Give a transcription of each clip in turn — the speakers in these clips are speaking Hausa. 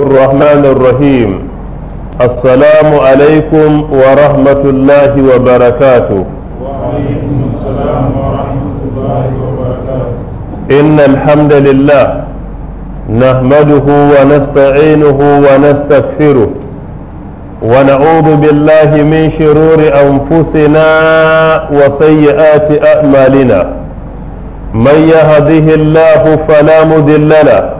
الرحمن الرحيم السلام عليكم ورحمة الله وبركاته وعليكم السلام ورحمة الله وبركاته إن الحمد لله نحمده ونستعينه ونستغفره ونعوذ بالله من شرور أنفسنا وسيئات أعمالنا من يهده الله فلا مضل له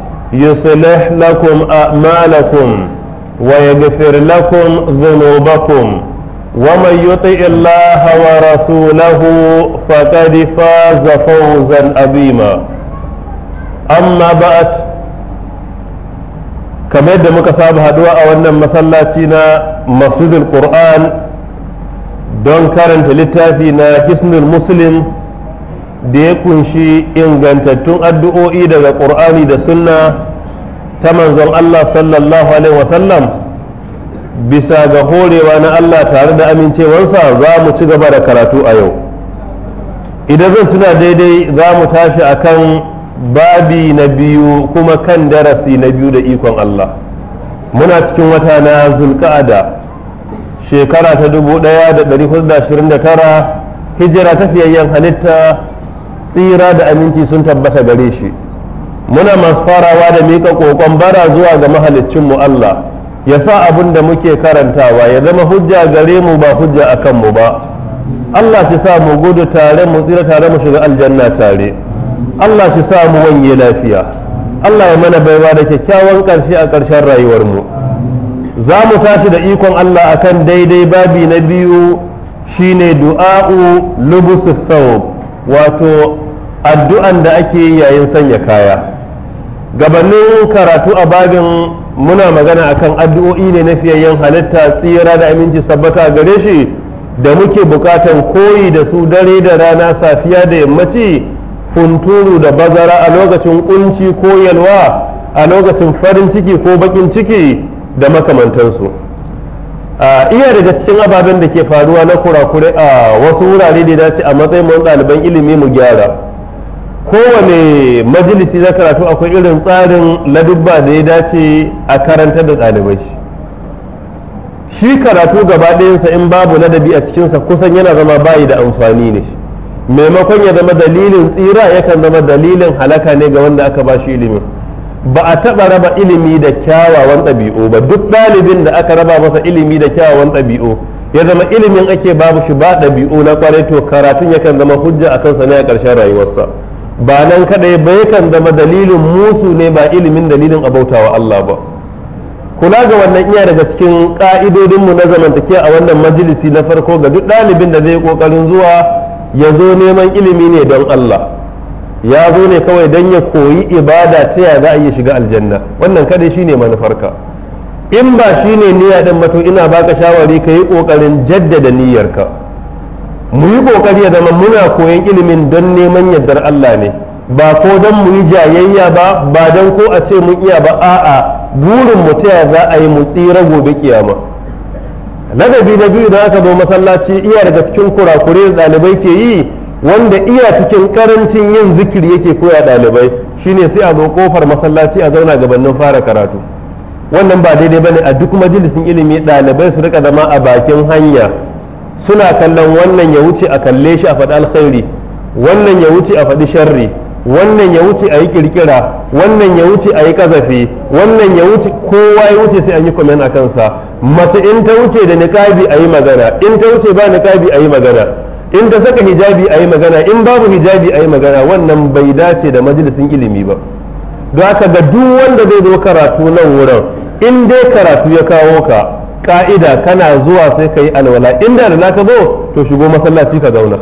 يصلح لكم أعمالكم ويغفر لكم ذنوبكم ومن يطع الله ورسوله فقد فاز فوزا عظيما أما بعد kamar yadda muka saba haduwa a wannan masallaci na masudul don karanta littafi na hisnul muslim da ya kunshi ingantattun addu'o'i daga ƙur'ani da sunna ta manzon Allah sallallahu alaihi wasallam bisa ga horewa na Allah tare da amincewarsa za mu ci gaba da karatu a yau idan zan tuna daidai za mu tashi a kan babi na biyu kuma kan darasi na biyu da ikon Allah muna cikin wata na zulka'ada shekara ta 1429 hijira ta fiyayyen halitta tsira da aminci sun tabbata gare shi muna masu farawa da mika kokon bara zuwa ga mahaliccinmu Allah ya sa abin da muke karantawa ya zama hujja gare mu ba hujja a kanmu ba Allah shi sa mu gudu tare mu tsira tare mu shiga aljanna tare Allah shi sa mu wanye lafiya Allah ya mana baiwa da kyakkyawan ƙarshe a ƙarshen rayuwarmu za mu tashi da ikon Allah akan daidai babi na biyu shine du'a'u lubusu thawb wato addu'an da ake yi yayin sanya kaya gabanin karatu a babin muna magana akan addu'o'i ne na fiyayyen halitta tsira da aminci sabbata gare shi da muke bukatan koyi da su dare da rana safiya da yammaci funturu da bazara a lokacin kunci ko yalwa a lokacin farin ciki ko bakin ciki da makamantansu iya daga cikin ababen da ke faruwa na kurakure a wasu wurare da dace a matsayin mu ɗaliban ilimi mu gyara kowane majalisi na karatu akwai irin tsarin ladubba da ya dace a karantar da ɗalibai shi karatu gaba ɗayansa in babu ladabi a cikinsa kusan yana zama bayi da amfani ne maimakon ya zama dalilin tsira yakan zama dalilin halaka ne ga wanda aka ba shi ilimin ba a taɓa raba ilimi da kyawawan ɗabi'u ba duk ɗalibin da aka raba masa ilimi da kyawawan ɗabi'u ya zama ilimin ake babu shi ba ɗabi'u na kwarai to karatun yakan zama hujja a kansa ne a ƙarshen rayuwarsa ba nan kaɗai ba yakan zama dalilin musu ne ba ilimin dalilin abautawa Allah ba kula ga wannan iya daga cikin ƙa'idodinmu na zamantakewa a wannan majalisi na farko ga duk ɗalibin da zai ƙoƙarin zuwa ya zo neman ilimi ne don Allah ya zo ne kawai don ya koyi ibada ta ya za a iya shiga aljanna wannan kadai shine manufarka in ba shine niyya din mato ina baka shawari ka yi kokarin jaddada niyyarka mu yi kokari ya zama muna koyan ilimin don neman yardar Allah ne ba ko don mu yi jayayya ba ba don ko a ce mun iya ba a'a burin mu ta za a yi mu tsira gobe kiyama ladabi na biyu da aka zo masallaci iya daga cikin kurakure ɗalibai ke yi wanda iya cikin karancin yin zikiri yake koya ɗalibai shine sai a zo kofar masallaci a zauna gabanin fara karatu wannan ba daidai ba ne a duk majalisin ilimi ɗalibai su rika zama a bakin hanya suna kallon wannan ya wuce a kalle shi a faɗi alkhairi wannan ya wuce a faɗi sharri wannan ya wuce a yi kirkira wannan ya wuce a yi kazafi wannan ya wuce kowa ya wuce sai an yi komen a kansa mace in ta wuce da nikabi a yi magana in ta wuce ba nikabi a yi magana in ka saka hijabi a yi magana in babu hijabi a yi magana wannan bai dace da majalisin ilimi ba don haka ga duk wanda zai zo karatu nan wurin in dai karatu ya kawo ka ka'ida kana zuwa sai ka yi alwala inda da ka zo to shigo masallaci ka zauna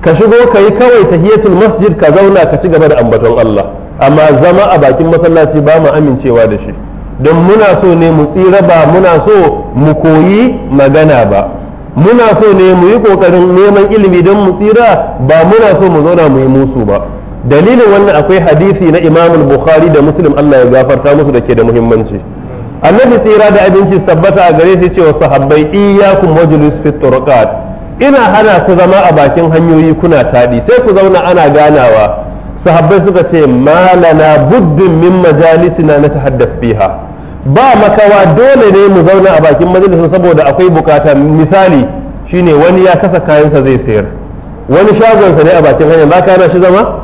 ka shigo ka yi kawai tahiyatul masjid ka zauna ka ci gaba da ambaton Allah amma zama a bakin masallaci ba mu amincewa da shi don muna so ne mu tsira ba muna so mu koyi magana ba muna so ne mu yi kokarin neman ilimi don mu tsira ba muna so mu zauna mu yi musu ba dalilin wannan akwai hadisi na imam bukhari da muslim Allah ya gafarta musu da ke da muhimmanci annabi tsira da abinci sabbata a gare su cewa sahabbai iyyakum majlis fit turqat ina hana ku zama a bakin hanyoyi kuna taɗi sai ku zauna ana ganawa sahabbai suka ce malana buddin min majalisina na tahaddath fiha ba makawa dole ne mu zauna a bakin majalisar saboda akwai bukata misali shine wani ya kasa kayansa zai sayar wani shagonsa ne a bakin hanyar ba ka shi zama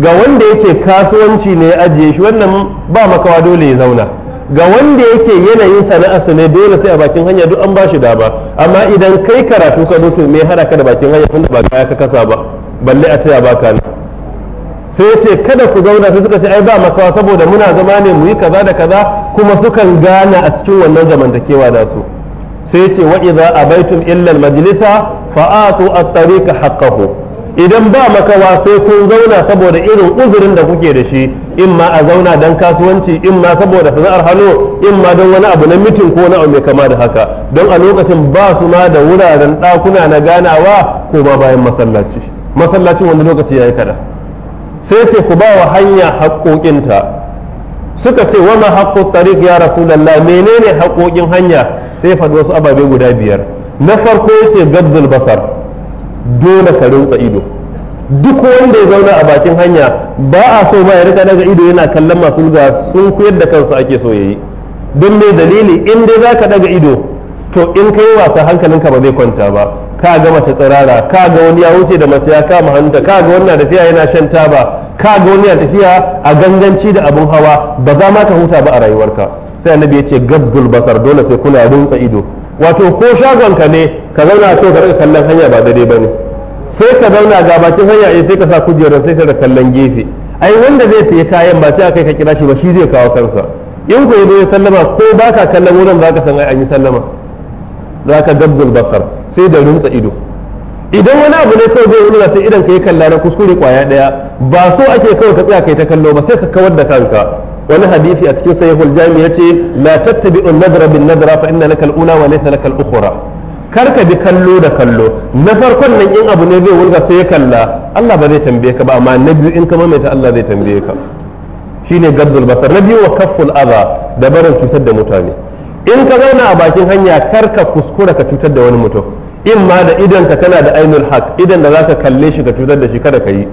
ga wanda yake kasuwanci ne ya ajiye shi wannan ba makawa dole ya zauna ga wanda yake yanayin sana'arsa ne dole sai a bakin hanya duk an ba shi dama amma idan kai karatu ka zo to me hada ka da bakin hanya tunda ba kaya ka kasa ba balle a taya baka ne sai ce kada ku zauna sai suka ce ai ba makawa saboda muna zama ne mu yi kaza da kaza kuma sukan gana a cikin wannan zamantakewa da su sai ya ce wa idza abaitum illa al majlisa fa atu at tariq haqqahu idan ba makawa sai kun zauna saboda irin uzurin da kuke da shi in ma a zauna don kasuwanci in ma saboda sana'ar hannu in ma don wani abu na mitin ko na mai kama da haka don a lokacin ba su ma da wuraren ɗakuna na ganawa ko ba bayan masallaci masallacin wani lokaci yayi kada sai ce ku ba wa hanya haƙoƙinta suka ce wama haƙƙo tarif ya rasu rasulallah menene haƙoƙin hanya sai faɗi wasu ababe guda biyar na farko ya ce gabdul basar dole ka rintsa ido duk wanda ya zauna a bakin hanya ba a so ba ya rika daga ido yana kallon masu ga sun koyar da kansu ake so yi don mai dalili in dai zaka daga ido to in ka yi wasa hankalinka ba zai kwanta ba ka ga mace tsirara ka ga wani ya wuce da mace ya kama hanta ka ga wani na tafiya yana shan taba ka ga wani na tafiya a ganganci da abun hawa ba za ma ka huta ba a rayuwarka sai annabi ya ce gabdul basar dole sai kuna runtsa ido wato ko shagon ka ne ka zauna a ka rika kallon hanya ba daidai ba ne sai ka zauna ga bakin hanya eh, sai ka sa kujerar sai ka da kallon gefe ai wanda zai sayi kayan ba sai a kai ka kira shi ba shi zai kawo kansa in ku yi sallama ko ba ka kallon wurin ba ka san ai an yi sallama za ka gabdul basar sai da runtsa ido idan wani abu ne kawai zai wulga sai idan kayi kalla na kuskure kwaya daya ba so ake kawai ka tsaya kai ta kallo ba sai ka kawar da kanka wani hadisi a cikin sahihul jami ya ce la tattabi'u nadra bin nadra fa inna lakal ula wa laysa lakal ukhra kar ka bi kallo da kallo na farkon nan in abu ne zai wulga sai ya kalla Allah ba zai tambaye ka ba amma na biyu in ka mamaita Allah zai tambaye ka shine gabdul basar na biyu wa kafful adha da barin cutar da mutane in ka zauna a bakin hanya kar ka kuskura ka cutar da wani mutum in ma da idan ka kana da ainul haq idan da zaka kalle shi ka cutar da shi kada ka yi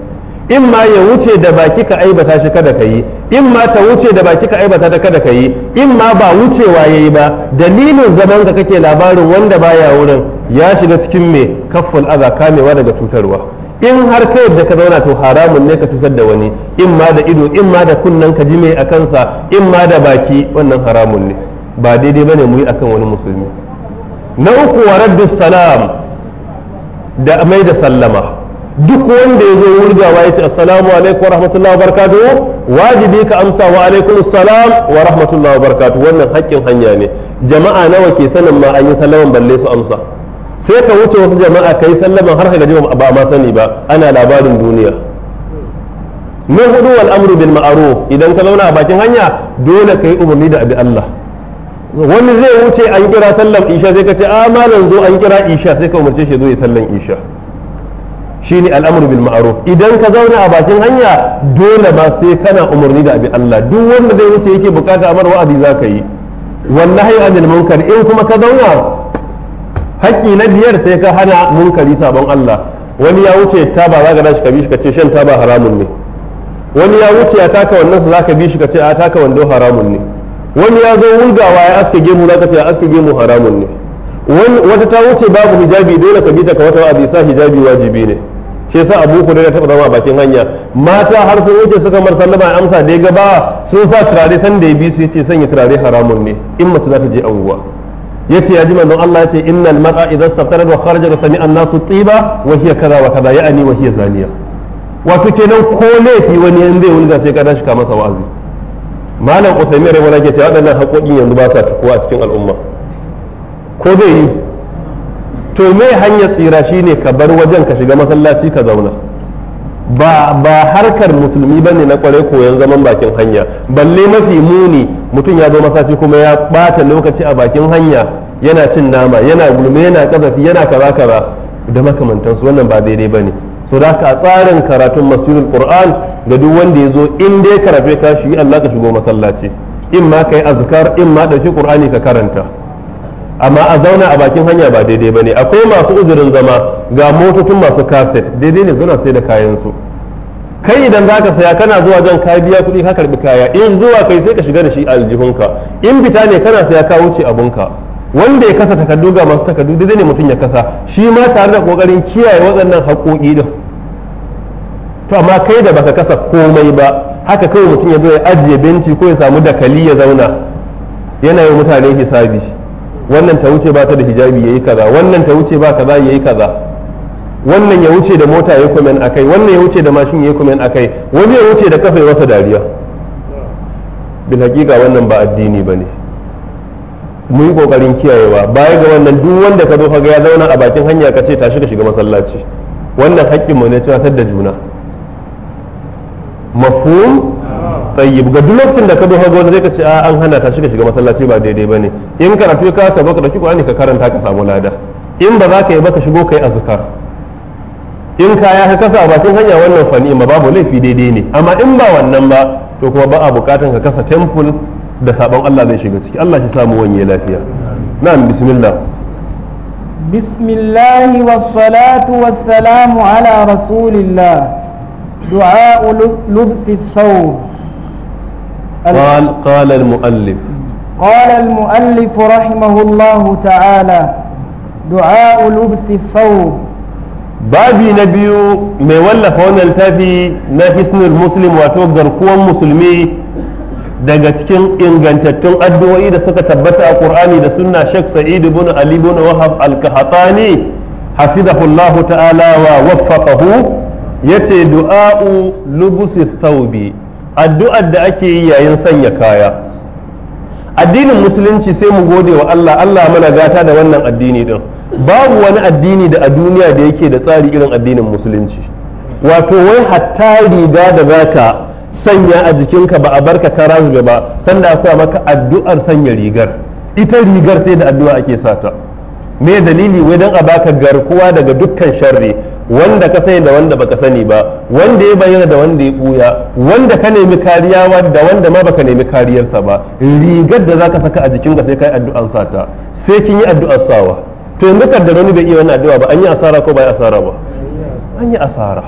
in ma ya wuce da baki ka aibata shi kada ka yi in ma ta wuce da baki ka aibata ta kada ka yi in ma ba wucewa yayi ba dalilin zaman ka kake labarin wanda baya wurin ya shiga cikin me kafful aza kamewa daga cutarwa in har ka yadda ka zauna to haramun ne ka cutar da wani in ma da ido in ma da kunnen ka ji me a kansa in ma da baki wannan haramun ne ba daidai bane mu yi akan wani musulmi na uku wa salam da mai da sallama duk wanda ya zo wurgawa ya ce assalamu alaikum wa rahmatullahi wa barakatuhu wajibi ka amsa wa alaikum salam wa rahmatullahi wa barakatuhu wannan haƙƙin hanya ne jama'a nawa ke sanin ma an yi sallaman balle su amsa sai ka wuce wasu jama'a ka yi sallaman har ka gaji ba ma sani ba ana labarin duniya na hudu wal amru bil ma'ruf idan ka zauna a bakin hanya dole ka yi umarni da abi Allah wani zai wuce an kira sallan isha sai ka ce a ah, malam zo an kira isha sai ka umarce shi zo ya sallan isha shine al'amru bil ma'ruf idan ka zauna a bakin hanya dole ma sai kana umarni da abin Allah duk wanda zai wuce yake bukata amar wa'azi zaka yi wallahi anil munkar in kuma ka zauna haƙƙi na biyar sai ka hana munkari sabon Allah wani ya wuce ta ba za ka dashi ka bi shi ka ce shan taba haramun ne wani ya wuce ya taka wannan su za ka bi shi ka ce a ah, taka wando haramun ne wani ya zo wulgawa ya aske gemu zaka ce aske gemu haramun ne wata ta wuce babu hijabi dole ka bi ta ka wata abi sa hijabi wajibi ne shi yasa Abu Hurairah ta zama bakin hanya mata har sun wuce suka mar sallama ya amsa da gaba sun sa turare san da ya bi su yace sanya turare haramun ne in mace za ta je anguwa yace ya ji manzon Allah yace innal mar'a idza saftarat wa kharaja sami an-nasu tiba wa hiya kaza wa kaza ya'ani wa hiya zaniya wato kenan ko laifi wani in zai wulga sai ka dashi ka masa wa'azi malam usaimin rai wani ke cewa waɗannan haƙoƙin yanzu ba sa tukuwa a cikin al'umma ko zai yi to me hanyar tsira shi ne ka bar wajen ka shiga masallaci ka zauna ba ba harkar musulmi ba ne na kware koyon zaman bakin hanya balle mafi muni mutum ya zo masallaci kuma ya ɓata lokaci a bakin hanya yana cin nama yana gulme yana kazafi yana kaza kaza da makamantansu wannan ba daidai ba ne so da ka tsarin karatun masjidul qur'an ga duk wanda ya zo in dai karafe ka shi Allah ka shigo masallaci in ma kai azkar in ma ɗauki qur'ani ka karanta amma a zauna a bakin hanya ba daidai ba ne akwai masu uzurin zama ga motocin masu kaset daidai ne suna sai da kayan su kai idan zaka saya kana zuwa jan ka biya kuɗi ka karbi kaya in zuwa kai sai ka shiga da shi aljihunka in fita ne kana saya ka wuce abunka wanda ya kasa takardu ga masu takardu daidai ne mutum ya kasa shi ma tare da kokarin kiyaye waɗannan haƙoƙi din to amma kai da baka kasa komai ba haka kawai mutum ya zo ya ajiye benci ko ya samu dakali ya zauna yana yi mutane hisabi wannan ta wuce ba ta da hijabi ya yi kaza wannan ta wuce ba ya yi kaza wannan ya wuce da mota ya a kai wannan ya wuce da mashin ya a kai wani ya wuce da kafa ya wasa dariya bil hakika wannan ba addini ba ne mu yi kokarin kiyayewa baya ga wannan duk wanda ka zo ka ga ya zauna a bakin hanya ka ce tashi ka shiga masallaci wannan haƙƙinmu ne cewa da juna mafhum tayyib ga duk lokacin da ka bi hago zai ka ce a an hana ta shiga shiga masallaci ba daidai bane in karatu ka ka zo ka dauki Qur'ani ka karanta ka samu lada in ba za ka yi ba ka shigo kai azkar in kaya ka kasa a bakin hanya wannan fani ma babu laifi daidai ne amma in ba wannan ba to kuma ba a bukatan ka kasa temple da sabon Allah zai shiga ciki Allah shi samu wanye lafiya na'am bismillah بسم الله والصلاة والسلام على دعاء لبس الثوب قال قال المؤلف قال المؤلف رحمه الله تعالى دعاء لبس الثوب babi na biyu mai wallafa wannan littafi na hisnul muslim wato garkuwar musulmi daga cikin ingantattun addu'o'i da suka tabbata a ƙur'ani da sunna shek sa'id ibn ali ibn wahab al-qahtani hafizahullahu ta'ala wa waffaqahu ya ce du'a'u lubusi ta'ubi addu'ar da ake yi yayin sanya kaya addinin musulunci sai mu gode wa Allah Allah mana gata da wannan addini din babu wani addini da a duniya da yake da tsari irin addinin musulunci wato wai hatta riga da zaka sanya a jikinka ba a barka ka zube ba sanda akwai maka addu'ar sanya rigar ita rigar sai da addu'a ake sata me dalili wai dan a baka garkuwa daga dukkan sharri wanda ka sani da wanda baka sani ba wanda ya bayyana da wanda ya buya wanda ka nemi kariya da wanda ma baka nemi kariyarsa ba rigar da zaka saka a jikinka sai kai addu'an sata sai kin yi addu'ar sawa to yanzu da wani bai iya wannan addu'a ba an yi asara ko bai asara ba an yi asara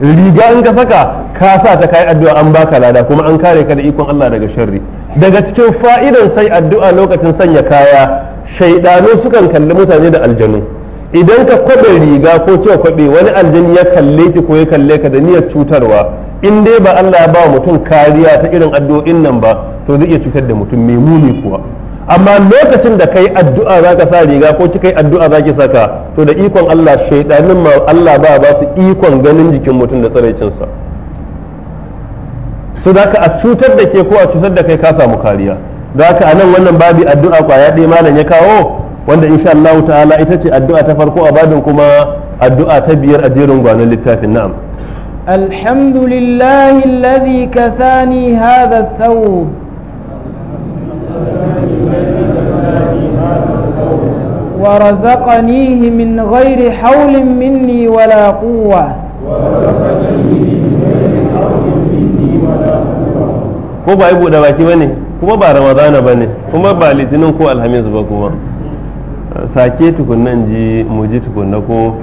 riga in ka saka ka sa ta kai addu'a an baka lada kuma an kare ka da ikon Allah daga sharri daga cikin fa'idan sai addu'a lokacin sanya kaya shaidanu sukan kalli mutane da aljanu idan ka kwaɓe riga ko cewa kwabe wani aljani ya kalle ki ko ya kalle ka da niyyar cutarwa in dai ba Allah ya ba mutum kariya ta irin addu'o'in nan ba to zai iya cutar da mutum mai muni kuwa amma lokacin da kai addu'a za ka sa riga ko kika yi addu'a za ki saka to da ikon Allah shaidanin ma Allah ba ba su ikon ganin jikin mutum da sa su da ka a cutar da ke ko a cutar da kai ka samu kariya da ka a nan wannan babi addu'a kwaya ɗaya malam ya kawo wanda insha Allah ta'ala ita ce addu'a ta farko a babin kuma addu'a ta biyar a jerin gwanon littafin na'am alhamdulillahi alladhi kasani hadha thawb ورزقنيه من غير حول مني ولا قوة ko ba yi buɗe baki ba ne kuma ba ramadana ba ne kuma ba litinin ko alhamis ba kuma sake tukunan ji mu ji tukunna ko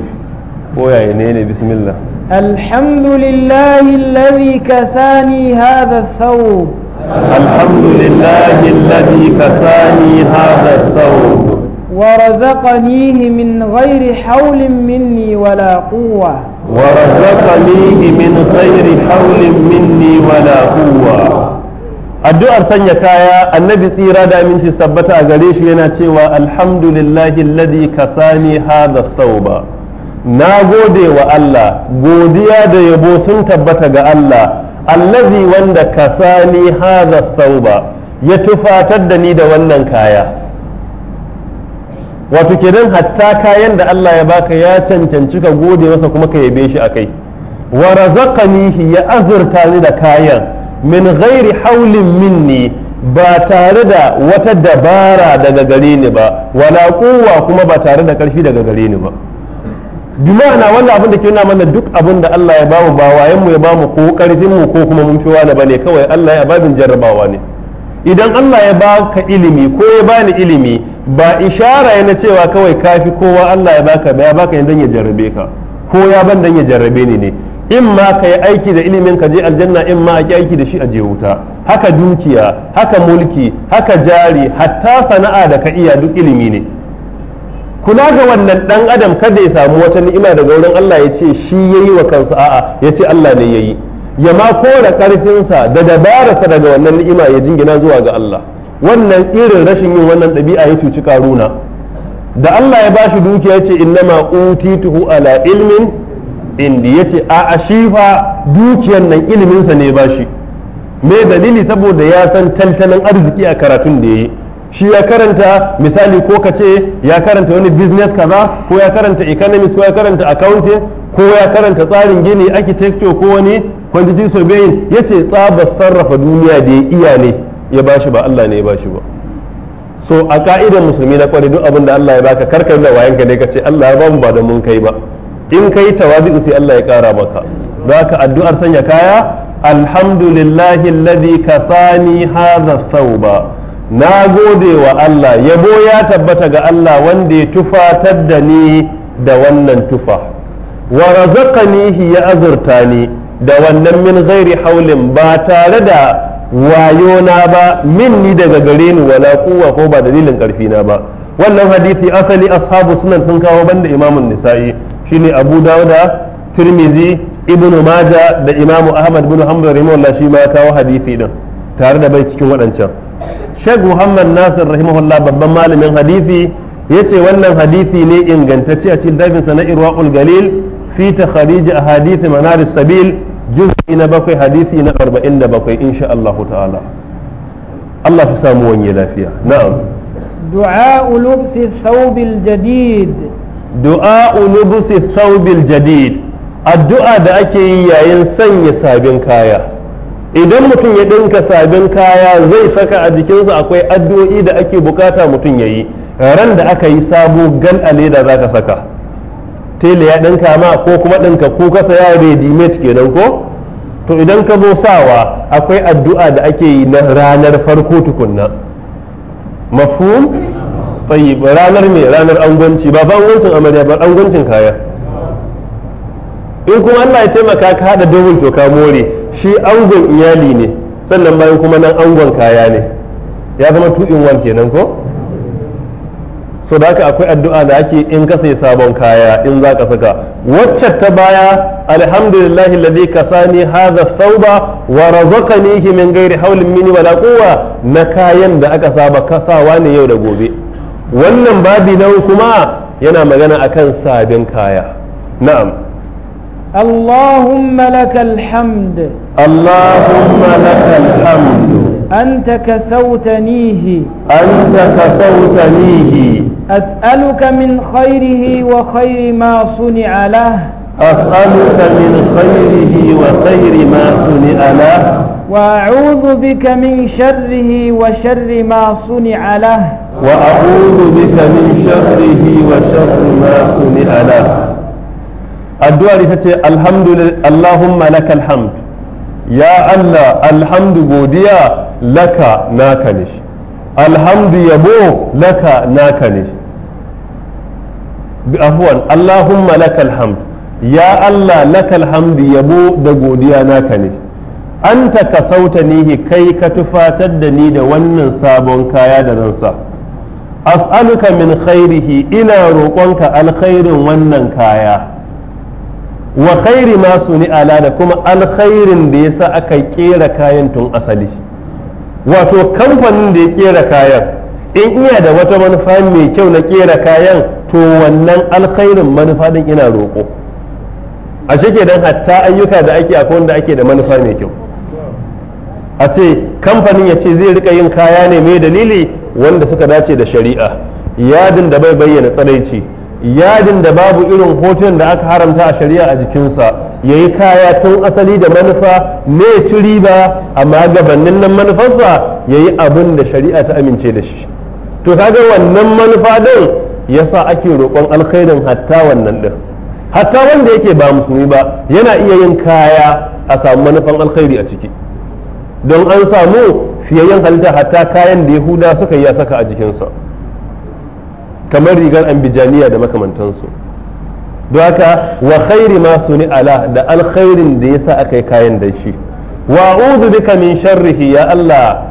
koyaye ne ne bismillah alhamdulillahi alladhi kasani hadha thawb alhamdulillahi alladhi kasani hadha thawb ورزقنيه من غير حول مني ولا قوة ورزقنيه من غير حول مني ولا قوة addu'ar sanya kaya annabi tsira da aminci sabbata a gare shi yana cewa alhamdulillahi alladhi kasani hadha thawba na gode wa Allah godiya da yabo sun tabbata ga Allah allazi wanda kasani hadha thawba ya tufatar da ni da wannan kaya wato kenan hatta kayan da Allah ya baka ya cancanci ka gode masa kuma ka yabe shi akai wa razaqanihi ya azurta ni da kayan min ghairi haulin minni ba tare da wata dabara daga gare ni ba wala kowa kuma ba tare da karfi daga gare ni ba bi ma'ana wannan abin da ke nuna mana duk abin da Allah ya bamu ba wayan mu ya bamu ko karfin mu ko kuma mun fi wani bane kawai Allah ya babin jarrabawa ne idan Allah ya baka ilimi ko ya bani ilimi ba ishara yana cewa kawai kafi kowa Allah ya baka ba ya baka dan ya jarrabe ka ko ya ban dan ya jarrabe ni ne in ma ka yi aiki da ilimin ka je aljanna in ma ki aiki da shi a je wuta haka dukiya haka mulki haka jari hatta sana'a da ka iya duk ilimi ne kula ga wannan dan adam kada ya samu wata ni'ima daga wurin Allah ya ce shi yayi wa kansa a'a ya ce Allah ne yayi ya ma kora karfinsa da dabararsa daga wannan ni'ima ya jingina zuwa ga Allah wannan irin rashin yin wannan ɗabi'a ya cuci karuna da Allah ya bashi dukiya ce innama utituhu ala ilmin indi yace a ashifa dukiyar nan iliminsa ne ba shi me dalili saboda ya san tantanin arziki a karatun da ya yi shi ya karanta misali ko ka ce ya karanta wani business kaza ko ya karanta economics ko ya karanta accounting ko ya karanta tsarin gini architecture ko wani quantity surveying ce tsabar sarrafa duniya da ya iya ne ya ba shi ba Allah ne ya ba shi ba so a ka'idar musulmi na kwari duk abin da Allah ya baka karkar da wayanka ne ka ce Allah ya ba mu ba da mun kai ba in kai tawabi'u sai Allah ya kara maka ka addu'ar sanya kaya alhamdulillahi alladhi kasani hadha thawba na gode wa Allah yabo ya tabbata ga Allah wanda ya tufatar da ni da wannan tufa wa razaqanihi ya azurta ni da wannan min ghairi haulin ba tare da wayo na ba minni daga gare ni wala kuwa ko ba dalilin karfi na ba wannan hadisi asali ashabu sunan sun kawo banda imamun nisa'i shine abu dauda tirmizi ibnu maja da imamu ahmad bin hanbal rahimahullah shi ma kawo hadisi din tare da bai cikin waɗancan sheikh muhammad nasir rahimahullah babban malamin hadisi yace wannan hadisi ne ingantacce a cikin dabin sana irwaul galil fi takhrij ahadith manar sabil juz'i na bakwai hadisi na 47 insha Allah ta'ala Allah su samu wani lafiya na'am du'a lubsi thawbil jadid du'a ulubusi thawbil jadid addu'a da ake yi yayin sanya sabin kaya idan mutum ya dinka sabin kaya zai saka a jikinsa akwai addu'o'i da ake bukata mutum ya yi ran da aka yi sabo gan a leda za ka saka tele ya dinka ma ko kuma dinka ko ka saya ready kenan ko to idan ka zo sawa akwai addu'a da ake yi na ranar farko tukunna mafhum ba ranar mai ranar angonci ba fa angoncin amarya ba angoncin kaya in kuma Allah ya taimaka ka haɗa dogon to ka more shi angon iyali ne sannan bayan kuma nan angon kaya ne ya zama two in kenan ko so da haka akwai addu'a da ake in ka sai sabon kaya in za ka saka wacce ta baya alhamdulillah alladhi kasani hadha thawba wa razaqanihi min ghairi hawlin minni wala quwwa na kayan da aka saba kasawa ne yau da gobe wannan babi na kuma yana magana akan sabin kaya na'am اللهم لك الحمد اللهم لك الحمد أنت كسوتنيه أنت كسوتنيه أسألك من خيره وخير ما صنع له أسألك من خيره وخير ما صنع له وأعوذ بك من شره وشر ما صنع له وأعوذ بك من شره وشر ما صنع له الدعاء تتي الحمد لله اللهم لك الحمد يا الله الحمد غوديا لك ناكنش الحمد يبو لك ناكنش عفوا اللهم لك الحمد يا الله لك الحمد يبو دغوديا ناكنش an ta kasauta nihi kai ka tufatar da ni da wannan sabon kaya da zan sa as'aluka min khairihi ina roƙonka alkhairin wannan kaya wa khairi ma suni ala da kuma alkhairin da ya sa aka kera kayan tun asali wato kamfanin da ya kera kayan in iya da wata manufa mai kyau na kera kayan to wannan alkhairin manufa din ina roƙo a shi don hatta ayyuka da ake akwai wanda ake da manufa mai kyau a ce kamfanin ya ce zai rika yin kaya ne mai dalili wanda suka dace da shari'a yadin da bai bayyana tsanaici yadin da babu irin hoton da aka haramta a shari'a a jikinsa ya yi kaya tun asali da manufa ne ci riba amma gabanin nan manufarsa ya yi abin da shari'a ta amince da shi to kaga wannan manufa din yasa ake roƙon alkhairin hatta wannan din hatta wanda yake ba musulmi ba yana iya yin kaya a samu manufan alkhairi a ciki don an samu fiyayyen halitta hatta kayan da yahuda suka yi ya saka a jikinsa kamar rigar ambijaniya da makamantansu don haka wa khairi masu ni ala da alkhairin da ya sa aka yi kayan da shi wa a'udhu bika min sharrihi ya Allah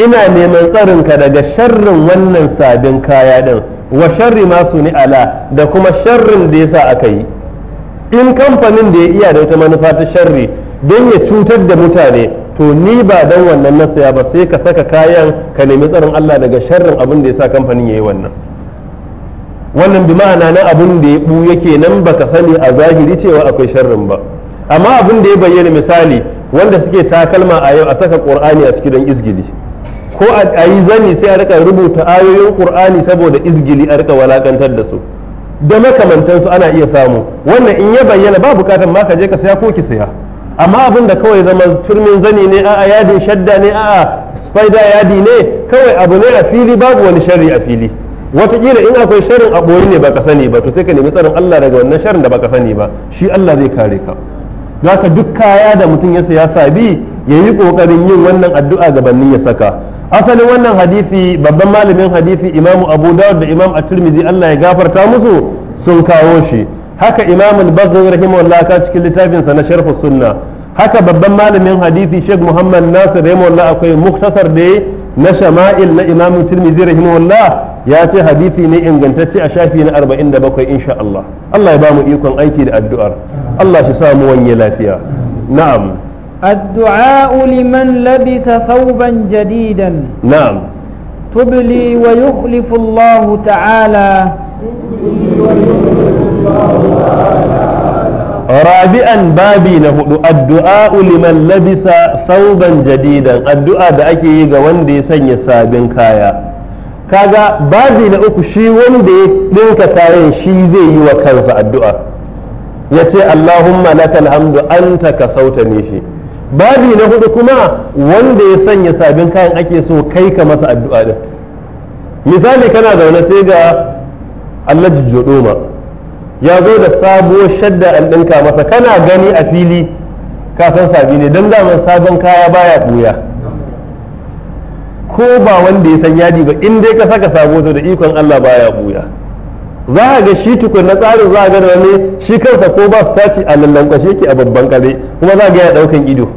ina neman tsarinka daga sharrin wannan sabin kaya din wa sharri masu ni ala da kuma sharrin da ya sa aka yi in kamfanin da ya iya da wata manufa ta sharri don ya cutar da mutane to ni ba dan wannan na saya ba sai ka saka kayan ka nemi tsaron Allah daga sharrin abin da ya sa kamfanin yayi wannan wannan bi ma'ana na abin da ya buya nan baka sani a zahiri cewa akwai sharrin ba amma abin da ya bayyana misali wanda suke takalma a yau a saka qur'ani a cikin izgili ko a yi zani sai a rika rubuta ayoyin qur'ani saboda izgili a rika walakantar da su da makamantansu ana iya samu wannan in ya bayyana ba bukatar ma ka je ka saya ko ki saya amma abin da kawai zama turmin zani ne a'a yadin shadda ne a'a spider yadi ne kawai abu ne a fili babu wani sharri a fili watakila in akwai sharrin a ɓoye ne baka sani ba to sai ka nemi tsarin Allah daga wannan sharrin da baka sani ba shi Allah zai kare ka zaka duk kaya da mutum ya saya sabi ya yi kokarin yin wannan addu'a gabanin ya saka asalin wannan hadisi babban malamin hadisi imamu abu dawud da imam at-tirmidhi Allah ya gafarta musu sun kawo shi haka imam al-bazzawi rahimahullah ka cikin littafin sa na sharh sunna haka babban malamin hadisi sheikh muhammad nasir rahimahullah akwai muktasar da na shama'il na imam tirmidhi rahimahullah ya ce hadisi ne ingantacce a shafi na 47 insha Allah Allah ya ba mu ikon aiki da addu'ar Allah shi samu wanye lafiya na'am الدعاء labisa لبس ثوبا na'am. نعم تبلي ويخلف الله تعالى rabi'an babi na hudu addu'a لبس labisa جديدا الدعاء addu'a da ake yi ga wanda ya sanya sabin kaya kaga babi na uku shi wanda ya dinka kayan shi zai yi wa kansa addu'a ya ce allahumma lakal hamdu anta ka sauta ne shi babi na hudu kuma wanda ya sanya sabin kayan ake so kai ka masa addu'a din misali kana zaune sai ga allah jijjodoma ya zo da sabuwar shadda an ɗinka masa kana gani a fili ka san sabi ne don daman sabon kaya baya ɓuya ko ba wanda ya san yadi ba in dai ka saka sabo to da ikon Allah baya ɓuya za a ga shi tukun na tsarin za a ga da wani shi kansa ko ba su taci a lallankwashe yake a babban kare kuma za a ga ya ɗaukan ido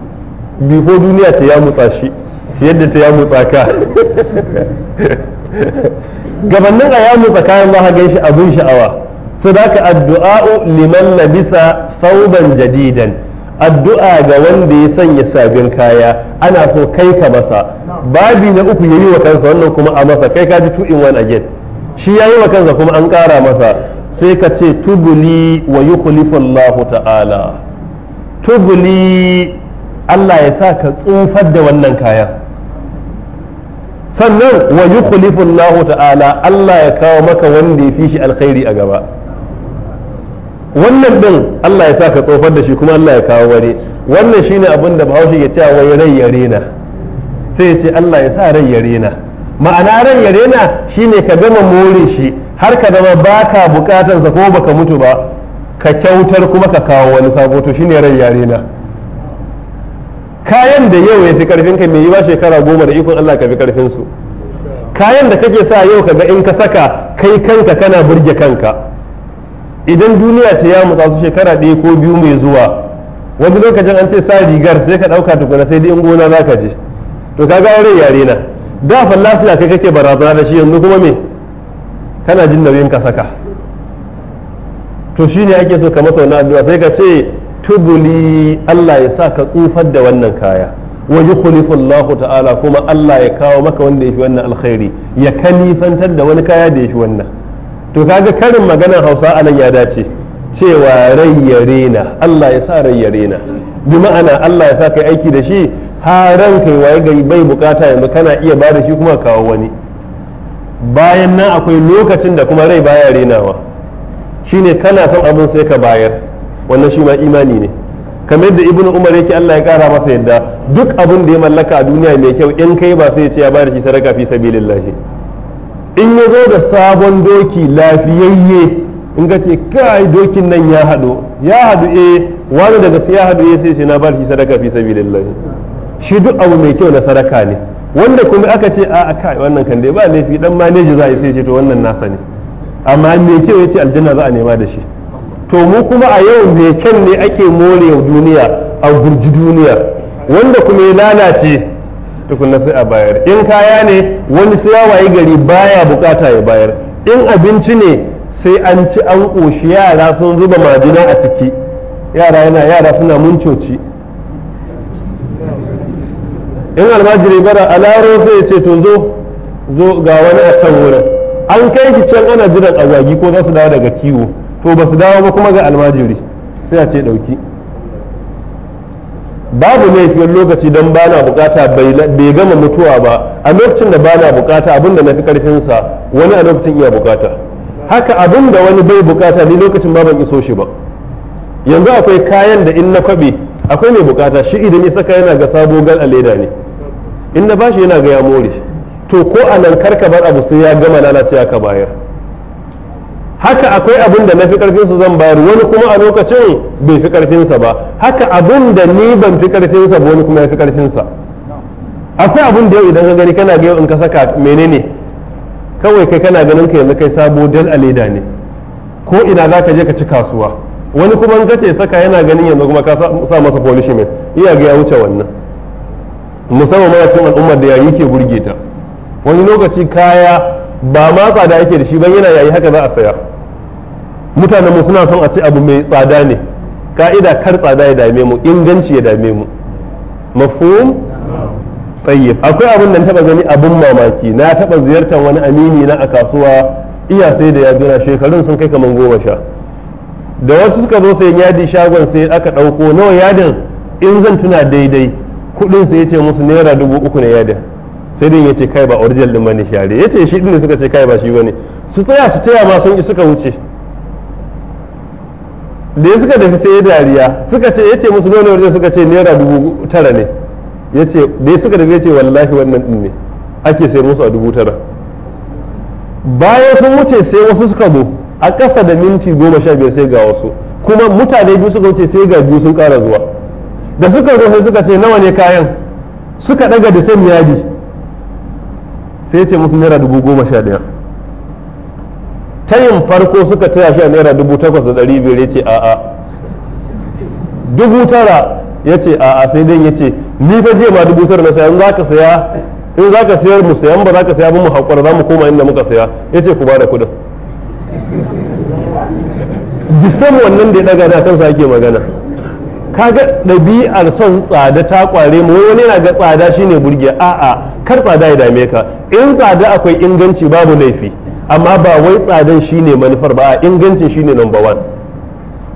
bifo duniya ta ya mutsa shi yadda ta ya mutsa ka gabanin a ya mutsa kayan ba ha gan shi abin sha'awa sadaka addu'a liman labisa thawban jadidan addu'a ga wanda ya sanya sabin kaya ana so kai ka masa babi na uku yayi wa kansa wannan kuma a masa kai ka ji two in one again shi yayi wa kansa kuma an kara masa sai ka ce tubuli wa yukhlifu Allah ta'ala tubuli Allah ya sa ka tsufar da wannan kaya sannan wa yukhlifu Allah ta'ala Allah ya kawo maka wanda ya fi shi alkhairi a gaba wannan ɗin Allah ya sa ka tsofar da shi kuma Allah ya kawo wani wannan shine abin da Bahaushe ya cewa wai rai ya rena sai ya ce Allah ya sa rai ya rena ma'ana rai ya rena shine ka gama more shi har ka zama baka bukatansa ko baka mutu ba ka kyautar kuma ka kawo wani sabo to shine rai ya rena kayan da yau ya fi karfin ka mai yi ba shekara goma da ikon Allah ka fi karfin su kayan da kake sa yau ka ga in ka saka kai kanka kana burge kanka idan duniya ta ya mutsa su shekara ɗaya ko biyu mai zuwa wani lokacin an ce sa rigar sai ka ɗauka tukuna sai dai in gona za ka je to kaga aure yare na da fallasila kai kake barazana da shi yanzu kuma me kana jin nauyin ka saka to shine ake so ka masa wani addu'a sai ka ce tubuli Allah ya sa ka tsufar da wannan kaya wa yukhlifu ta'ala kuma Allah ya kawo maka wanda yafi wannan alkhairi ya kalifantar da wani kaya da yafi wannan to kaga karin maganar hausa anan ya dace cewa rai ya rena Allah ya sa rai ya rena bi ma'ana Allah ya sa kai aiki da shi haran kai waye gari bai bukata yanzu kana iya ba da shi kuma kawo wani bayan nan akwai lokacin da kuma rai baya renawa shine kana son abin sai ka bayar wannan shi ma imani ne kamar yadda ibnu umar yake Allah ya kara masa yadda duk abin da ya mallaka a duniya mai kyau in kai ba sai ya ce ya bayar shi sadaka fi sabilillahi in ya zo da sabon doki lafiyayye in ka ce kai dokin nan ya haɗu ya haɗu eh wani daga ya haɗu eh sai ce na ba shi sadaka fi sabilillah shi duk abu mai kyau na sadaka ne wanda kuma aka ce a yi wannan kan dai ba laifi dan maneji za a yi sai ce to wannan nasa ne amma mai kyau ya ce aljanna za a nema da shi to mu kuma a yau mai kyau ne ake more duniya a gurji duniya wanda kuma ya lalace tukunna sai a bayar in kaya ne wani sai ya wayi gari baya bukata ya bayar in abinci ne sai an ci an ƙoshi yara sun zuba majina a ciki yara yana yara suna muncoci in almajiri bara a laro sai ce to zo zo ga wani a can wurin an kai shi can ana jiran agwagi ko za su dawo daga kiwo to ba su dawo ba kuma ga almajiri sai a ce ɗauki babu laifin lokaci don bana bukata bai gama mutuwa ba a lokacin da bana bukata abinda na fi karfinsa wani a lokacin iya bukata haka abin da wani bai bukata ni lokacin ba ban iso shi ba yanzu akwai kayan da in na kwabe akwai mai bukata shi idan isa ka yana ga sabo gal a leda ne in na bashi yana ga ya more to ko a nan karka bar abu sai ya gama ya ka bayar haka akwai abin da na fi karfinsa zan bayar wani kuma a lokacin bai fi karfinsa ba haka abin da ni ban fi karfinsa ba wani kuma ya fi karfinsa akwai abin da yau idan ka gani kana ga yau in ka saka menene kawai kai kana ganin ka yanzu kai sabo dal a ne ko ina za ka je ka ci kasuwa wani kuma in ka ce saka yana ganin yanzu kuma ka sa masa polishment iya ga ya wuce wannan musamman ma cikin al'ummar da yayi ke burge ta wani lokaci kaya ba ma tsada yake da shi ban yana yayi haka za a saya mutanenmu suna son a ce abu mai tsada ne ka'ida kar tsada ya dame mu inganci ya dame mu mafhum tayyib akwai abin da taba gani abin mamaki na taba ziyartar wani amini na a kasuwa iya sai da ya jira shekarun sun kai kaman goma sha da wasu suka zo sayan yadi shagon sai aka ɗauko nawa yadin in zan tuna daidai kuɗin sai ya ce musu naira dubu uku na yadin sai din ya ce kai ba original din bane share ya ce shi din suka ce kai ba shi bane su tsaya su taya ma sun suka wuce da ya suka tafi sai dariya suka ce yace musu nawa wajen suka ce naira dubu tara ne yace da ya suka tafi yace wallahi wannan din ne ake sai musu a dubu tara bayan sun wuce sai wasu suka zo a ƙasa da minti goma sha biyar sai ga wasu kuma mutane biyu suka wuce sai ga biyu sun ƙara zuwa da suka zo sai suka ce nawa ne kayan suka ɗaga da san yadi sai ce musu naira dubu goma sha ɗaya tayin farko suka taya shi a naira dubu takwas da ɗari biyar ya ce a'a dubu tara ya ce a'a sai dai ya ce ni fa je ma dubu tara na saya in za ka saya in za ka sayar mu sayan ba za ka saya ba mu haƙura za mu koma inda muka saya ya ce ku ba da kuɗin bisan wannan da ya ɗaga da kansa ake magana kaga ɗabi'ar son tsada ta ƙware mu wani yana ga tsada shine burge a'a kar tsada ya dame ka in tsada akwai inganci babu laifi amma ba wai tsadan shine manufar ba a ingancin shine number one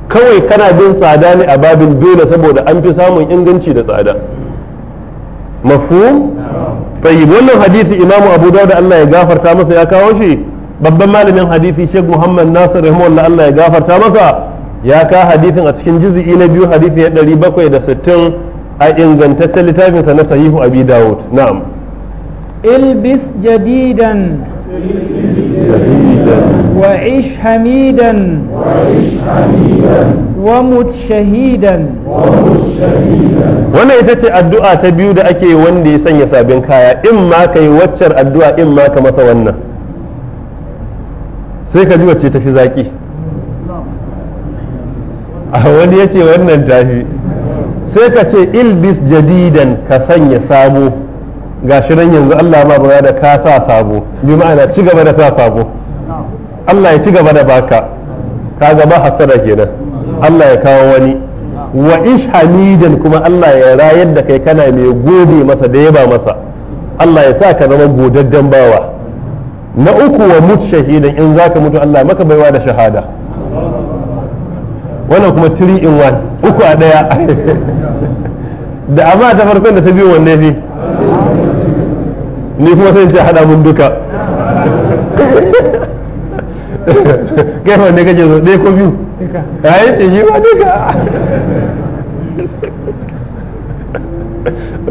kawai kana bin tsada ne a babin dole saboda an fi samun inganci da tsada mafu. tayyib wannan hadisi imamu abu dawud Allah ya gafarta masa ya kawo shi babban malamin hadisi Sheikh Muhammad Nasir rahimahullah Allah ya gafarta masa ya ka hadisin a cikin jizi'i na biyu hadisi ya sittin a ingantaccen littafin sa na sahihu Abi Dawud na'am ilbis jadidan وعش حميدا ومت شهيدا wannan ita ce addu'a ta biyu da ake wanda ya sanya sabin kaya in ma ka yi waccar addu'a in ma ka masa wannan sai ka ji wacce tafi zaki a wani wannan sai ka ce ilbis jadidan ka sanya sabo ga shi nan yanzu Allah ma ba da ka sa sabo bi ma'ana ci gaba da sa sabo Allah ya ci gaba da baka ka gaba hasara kenan Allah ya kawo wani wa ish hamidan kuma Allah ya rayar da kai kana mai gode masa da yaba masa Allah ya sa ka zama godaddan bawa na uku wa mut shahidan in zaka mutu Allah maka baiwa da shahada wannan kuma 3 in 1 uku a daya da amma ta farkon da ta biyo wanne fi ni kuma sai ce hada mun duka kai wanne kake so ɗaya ko biyu ai ce yi ma duka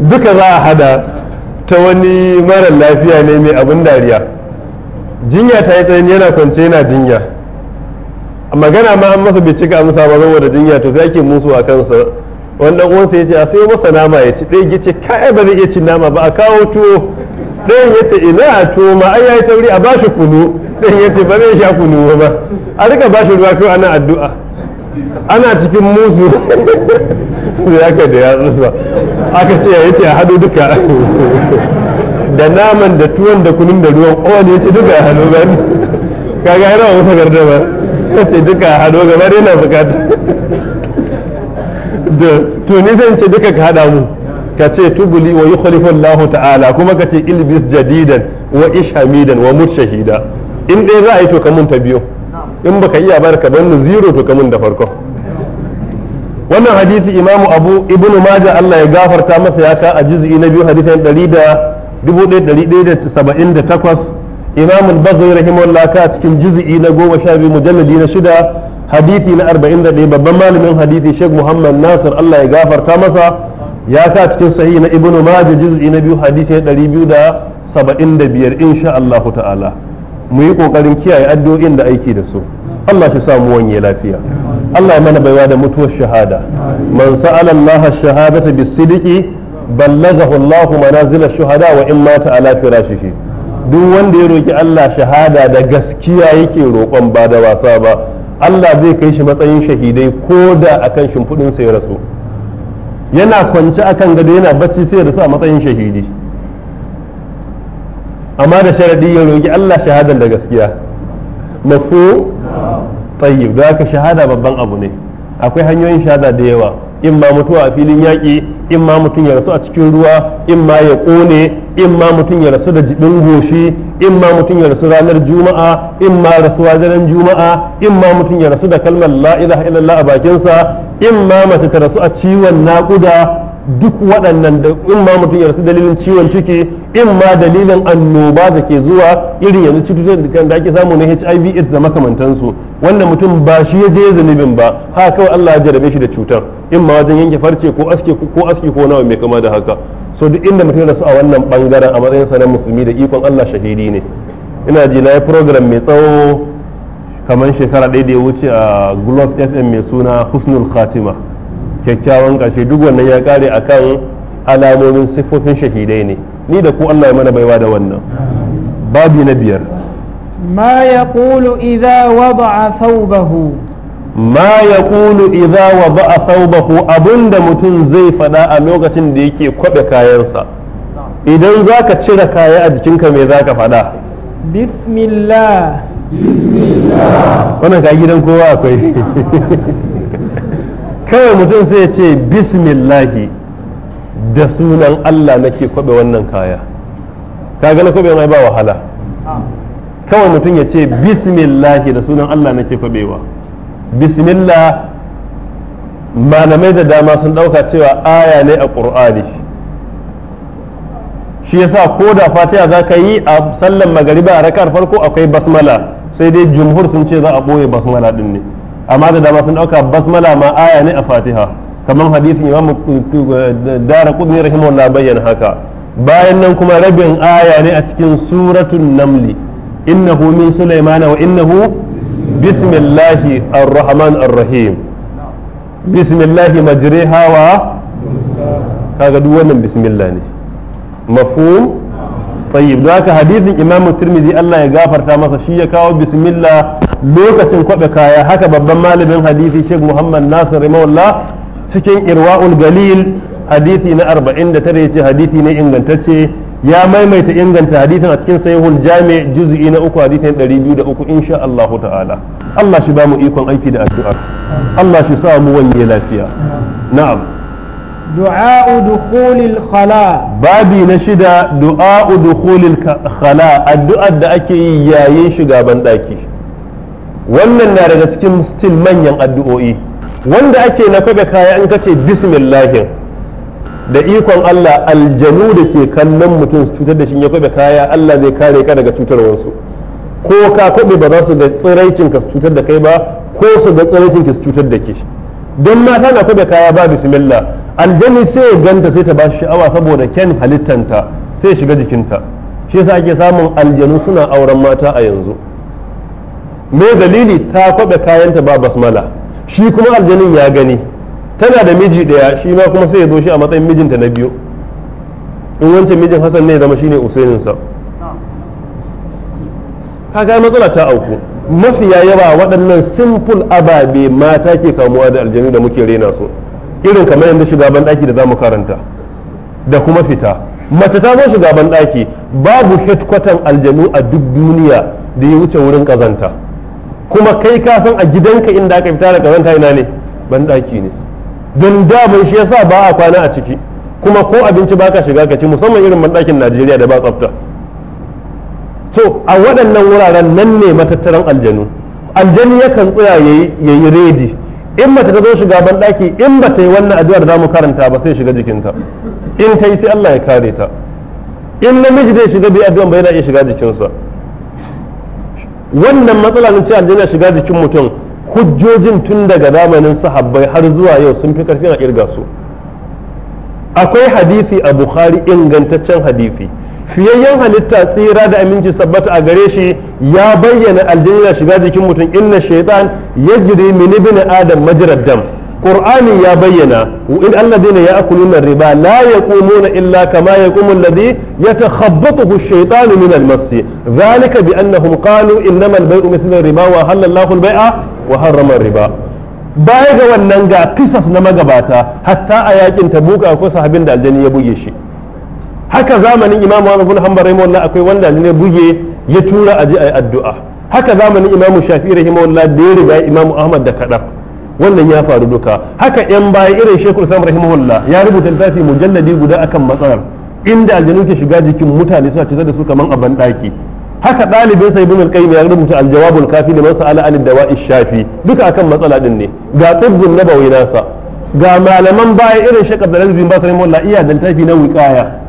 duka za a hada ta wani mara lafiya ne mai abin dariya jinya ta yi tsayin yana kwance yana jinya magana ma an masa bai cika amsa ba saboda jinya to sai ake musu a kansa wani uwansa ya ce a sai masa nama ya ci ɗaya ya ce kai ba zai iya cin nama ba a kawo tuwo ɗayan ya ce ina to ma ai yayi tauri a bashi kunu ɗayan ya ce ba zai sha kunu ba a rika bashi ruwa kawai ana addu'a ana cikin musu sai aka da ya tsufa aka ce ya ce a hado duka da naman da tuwon da kunun da ruwan kowane ya ce duka a hado ba kaga yana wasa garda ba ta ce duka a hado gaba dai na bukata to ni zan ce duka ka hada mu ka ce tubuli wa yukhlifu Allah ta'ala kuma ka ce ilbis jadidan wa ish hamidan wa mut shahida in dai za a yi to ka mun ta biyu in baka iya bar ka bannu zero to ka mun da farko wannan hadisi imamu abu ibnu majah Allah ya gafarta masa ya ka a juz'i na biyu hadisin 1178 imam al-bazai rahimahullah ka a cikin juz'i na goma sha biyu mujalladi na shida hadisi na 41 babban malamin hadisi sheikh muhammad nasir Allah ya gafarta masa ya sa cikin sahihi na ibnu majah juz'i na biyu hadisi na biyar insha Allah ta'ala mu yi ƙoƙarin kiyaye addu'o'in da aiki da su Allah shi sa mu wanye lafiya Allah ya mana baiwa da mutuwar shahada man sa'ala Allah ash-shahadata bis-sidqi ballaghahu Allah manazil ash-shuhada wa in mata ala firashihi duk wanda ya roki Allah shahada da gaskiya yake roƙon ba da wasa ba Allah zai kai shi matsayin shahidai ko da akan shimfiɗinsa ya rasu yana kwance akan gado yana bacci sai da su a matsayin shahidi amma da sharadi ya roƙi Allah shahadan da gaskiya mafu tayyib da aka shahada babban abu ne akwai hanyoyin shahada da yawa in ma mutuwa a filin yaƙi in ma mutum ya rasu a cikin ruwa in ma ya ƙone in ma mutum ya rasu da jibin goshi in ma mutum ya rasu ranar juma'a in ma rasuwa daren juma'a in ma mutum ya rasu da kalmar la ilaha illallah a bakinsa in ma mace ta rasu a ciwon naƙuda duk waɗannan da in ma mutum ya rasu dalilin ciwon ciki in ma dalilin annoba da ke zuwa irin yanzu cututtukan da ake samu na HIV AIDS da makamantansu wanda mutum ba shi ya je zunubin ba ha kawai Allah ya jarabe shi da cutar in ma wajen yanke farce ko aske ko aski ko nawa mai kama da haka so duk inda mutum ya rasu a wannan bangaren a matsayin sa musulmi da ikon Allah shahidi ne ina ji na program mai tsawo kamar shekara ɗaya da ya wuce a globe fm mai suna husnul khatima kyakkyawan ƙarshe duk wannan ya ƙare akan alamomin siffofin shahidai ne ni da ku allah ya mana baiwa da wannan babi na biyar ما يقول إذا وضع ثوبه ما يقول إذا وضع ثوبه أبن متن زي فدا ألوغة ديكي كوب كاينسا إذا ذاك تشير كايا أجتنك مي ذاك فدا بسم الله wannan ka gidan kowa akwai kawai mutum sai ce bismillahi da sunan Allah nake kwabe wannan kaya ka gane kwabe mai ba wahala kawai mutum ya ce bismillahi da sunan Allah nake kwabewa bismillah malamai da dama sun ɗauka cewa aya ne a ƙur'ani shi yasa ko da fatiha za ka yi a sallan magariba a rakar farko akwai basmala sai dai jumhur sun ce za a ɓoye basmala ɗin ne amma da dama sun ɗauka basmala ma aya ne a fatiha kamar hadisin imamu eh, dara kudni na bayyana haka bayan nan kuma rabin aya ne a cikin suratun namli innahu min sulaimana wa innahu bismillahi ar-rahman ar-rahim bismillahi majriha wa kaga duk wannan bismillah ne mafhum tayyib don haka hadisin imam tirmidhi Allah ya gafarta masa shi ya kawo bismillah lokacin kwaɓe kaya haka babban malamin hadisi Sheikh Muhammad Nasir Rimawalla cikin Irwaul Galil hadisi na 49 ce hadisi ne ingantacce ya maimaita inganta hadisin a cikin sahihul jami juz'i na uku hadisin 203 insha Allah ta'ala Allah shi ba mu ikon aiki da addu'a Allah shi sa mu wanye lafiya na'am du'a dukhulil khala babi na shida du'a'u dukhulil khala addu'ar da ake yi yayin shiga ban daki wannan na daga cikin still manyan addu'o'i wanda ake na kwabe kaya in kace bismillahin da ikon Allah aljanu da ke kallon mutum su cutar da shi ya kwabe kaya Allah zai kare ka daga cutarwarsu ko ka kwabe ba za su ga tsiraicin ka su cutar da kai ba ko su ga tsiraicin ka su cutar da ke don mata na kwabe kaya ba bismillah aljani sai ya ganta sai ta ba sha'awa saboda ken halittanta sai shiga jikinta shi yasa ake samun aljanu suna auren mata a yanzu me dalili ta kwabe kayanta ba basmala shi kuma aljanin ya gani tana da miji daya shi ma kuma sai ya zo shi a matsayin mijinta na biyu in wancan mijin hasan ne zama shine usainin sa kaga matsala ta auku mafiya yawa waɗannan simple ababe mata ke kamuwa da aljanu da muke rena su irin kamar yadda shiga ban daki da zamu karanta da kuma fita mace ta zo shiga ban babu headquarter aljanu a duk duniya da ya wuce wurin kazanta kuma kai ka san a gidanka inda aka fita da kazanta ina ne ban daki ne don da daban shi yasa ba a kwana a ciki kuma ko abinci baka shiga ka ci musamman irin ban dakin Najeriya da ba tsafta to a waɗannan wuraren nan ne matattaran aljanu aljanu yakan tsaya yayi redi in mace ta zo shiga ban daki in ba ta yi wannan addu'ar za mu karanta ba sai shiga jikinta in ta yi sai Allah ya kare ta in namiji zai shiga bai addu'an ba yana iya shiga jikinsa wannan matsala ne cewa aljanna shiga jikin mutum hujjojin tun daga zamanin sahabbai har zuwa yau sun fi karfi a kirga su akwai hadisi a bukhari ingantaccen hadisi fiyayyen halitta tsira da aminci sabbata a gare shi ya bayyana aljanna shiga jikin mutum inna shaitan jiri min ibn adam majrad dam qur'ani ya bayyana in alladhina ya'kuluna riba la yaqumuna illa kama yaqumu alladhi yatakhabbathu ash-shaytanu min al-mass dhalika bi annahum qalu innama al-bay'u mithlu riba wa halallahu al-bay'a wa harrama riba baya ga wannan ga kisas na magabata hatta a yakin tabuka akwai sahabin da aljanni ya buge shi haka zamanin imam Ahmad bin Hanbal rahimahullah akwai wanda ne buge ya tura a a addu'a haka zamanin imam shafi rahimahullah da ya riga imam Ahmad da kadan wannan ya faru duka haka yan baya irin Sheikhul Islam rahimahullah ya rubuta littafi mujalladi guda akan matsalar inda aljanu ke shiga jikin mutane suna cutar da su kaman a banɗaki haka ɗalibin sa ibn al-qayyim ya rubuta al-jawabul kafi da masa ala da dawa'i shafi duka akan matsala din ne ga tubbun nabawi nasa ga malaman baya irin Sheikh Abdulaziz bin Basri rahimahullah iya da littafi na wiqaya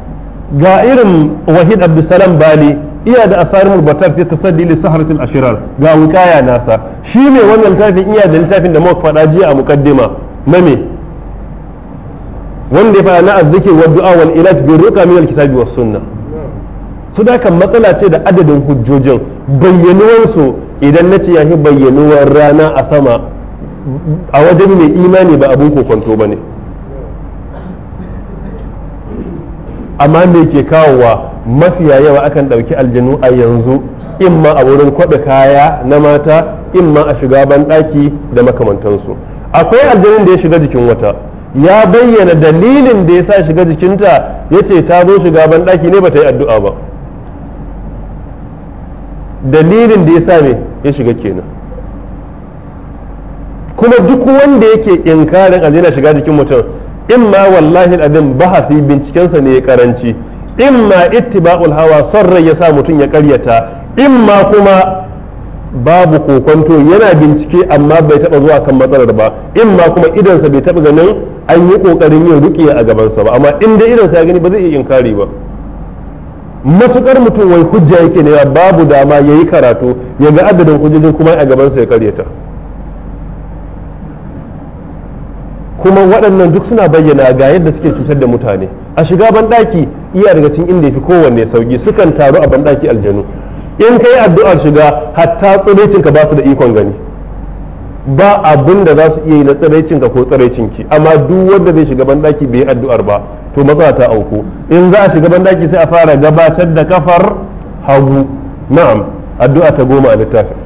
ga irin wahid abdusalam bali iya da asarin batar fi tasaddi li saharatil ashirar ga wukaya nasa shi ne wannan littafin iya da littafin da muka faɗa jiya a muqaddima na me wanda ya faɗa na azzikir wa du'a wal ilaj bi ruqa min kitabi was sunnah su da kan matsala ce da adadin hujjojin bayyanuwansu idan na ce yahi bayyanuwar rana a sama a wajen mai imani ba abin kokonto ba ne amma me ke kawowa mafiya yawa akan ɗauki aljanu a yanzu ma a wurin kwaɓe kaya na mata in ma a shiga banɗaki da makamantansu akwai aljanun da ya shiga jikin wata ya bayyana dalilin da ya sa shiga jikinta ya ce ta zo shiga banɗaki ne ba ta yi addu'a ba dalilin da ya sa me ya shiga kenan kuma duk wanda yake inkarin aljana shiga jikin mutum imma wallahi abin bahasi bincikensa ne ya karanci imma ittiba'ul hawa son rai ya sa mutum ya karyata imma kuma babu kokonto yana bincike amma bai taba zuwa kan matsalar ba imma kuma idansa bai taba ganin an yi kokarin yin rukiya a gabansa ba amma inda idansa ya gani ba zai iya inkari ba matukar mutum wai hujja yake ne babu dama yayi karatu ya ga adadin hujjojin kuma a gabansa ya karyata kuma waɗannan duk suna bayyana ga yadda suke cutar da mutane a shiga banɗaki iya daga cikin inda fi kowanne sauki sukan taru a banɗaki aljanu in ka yi addu'ar shiga hatta tsiraicinka ba su da ikon gani ba abin da za su iya yi na tsiraicinka ko tsiraicinki amma duk wanda zai shiga banɗaki bai yi addu'ar ba to matsala ta auku in za a shiga banɗaki sai a fara gabatar da kafar hagu na'am addu'a ta goma a littafin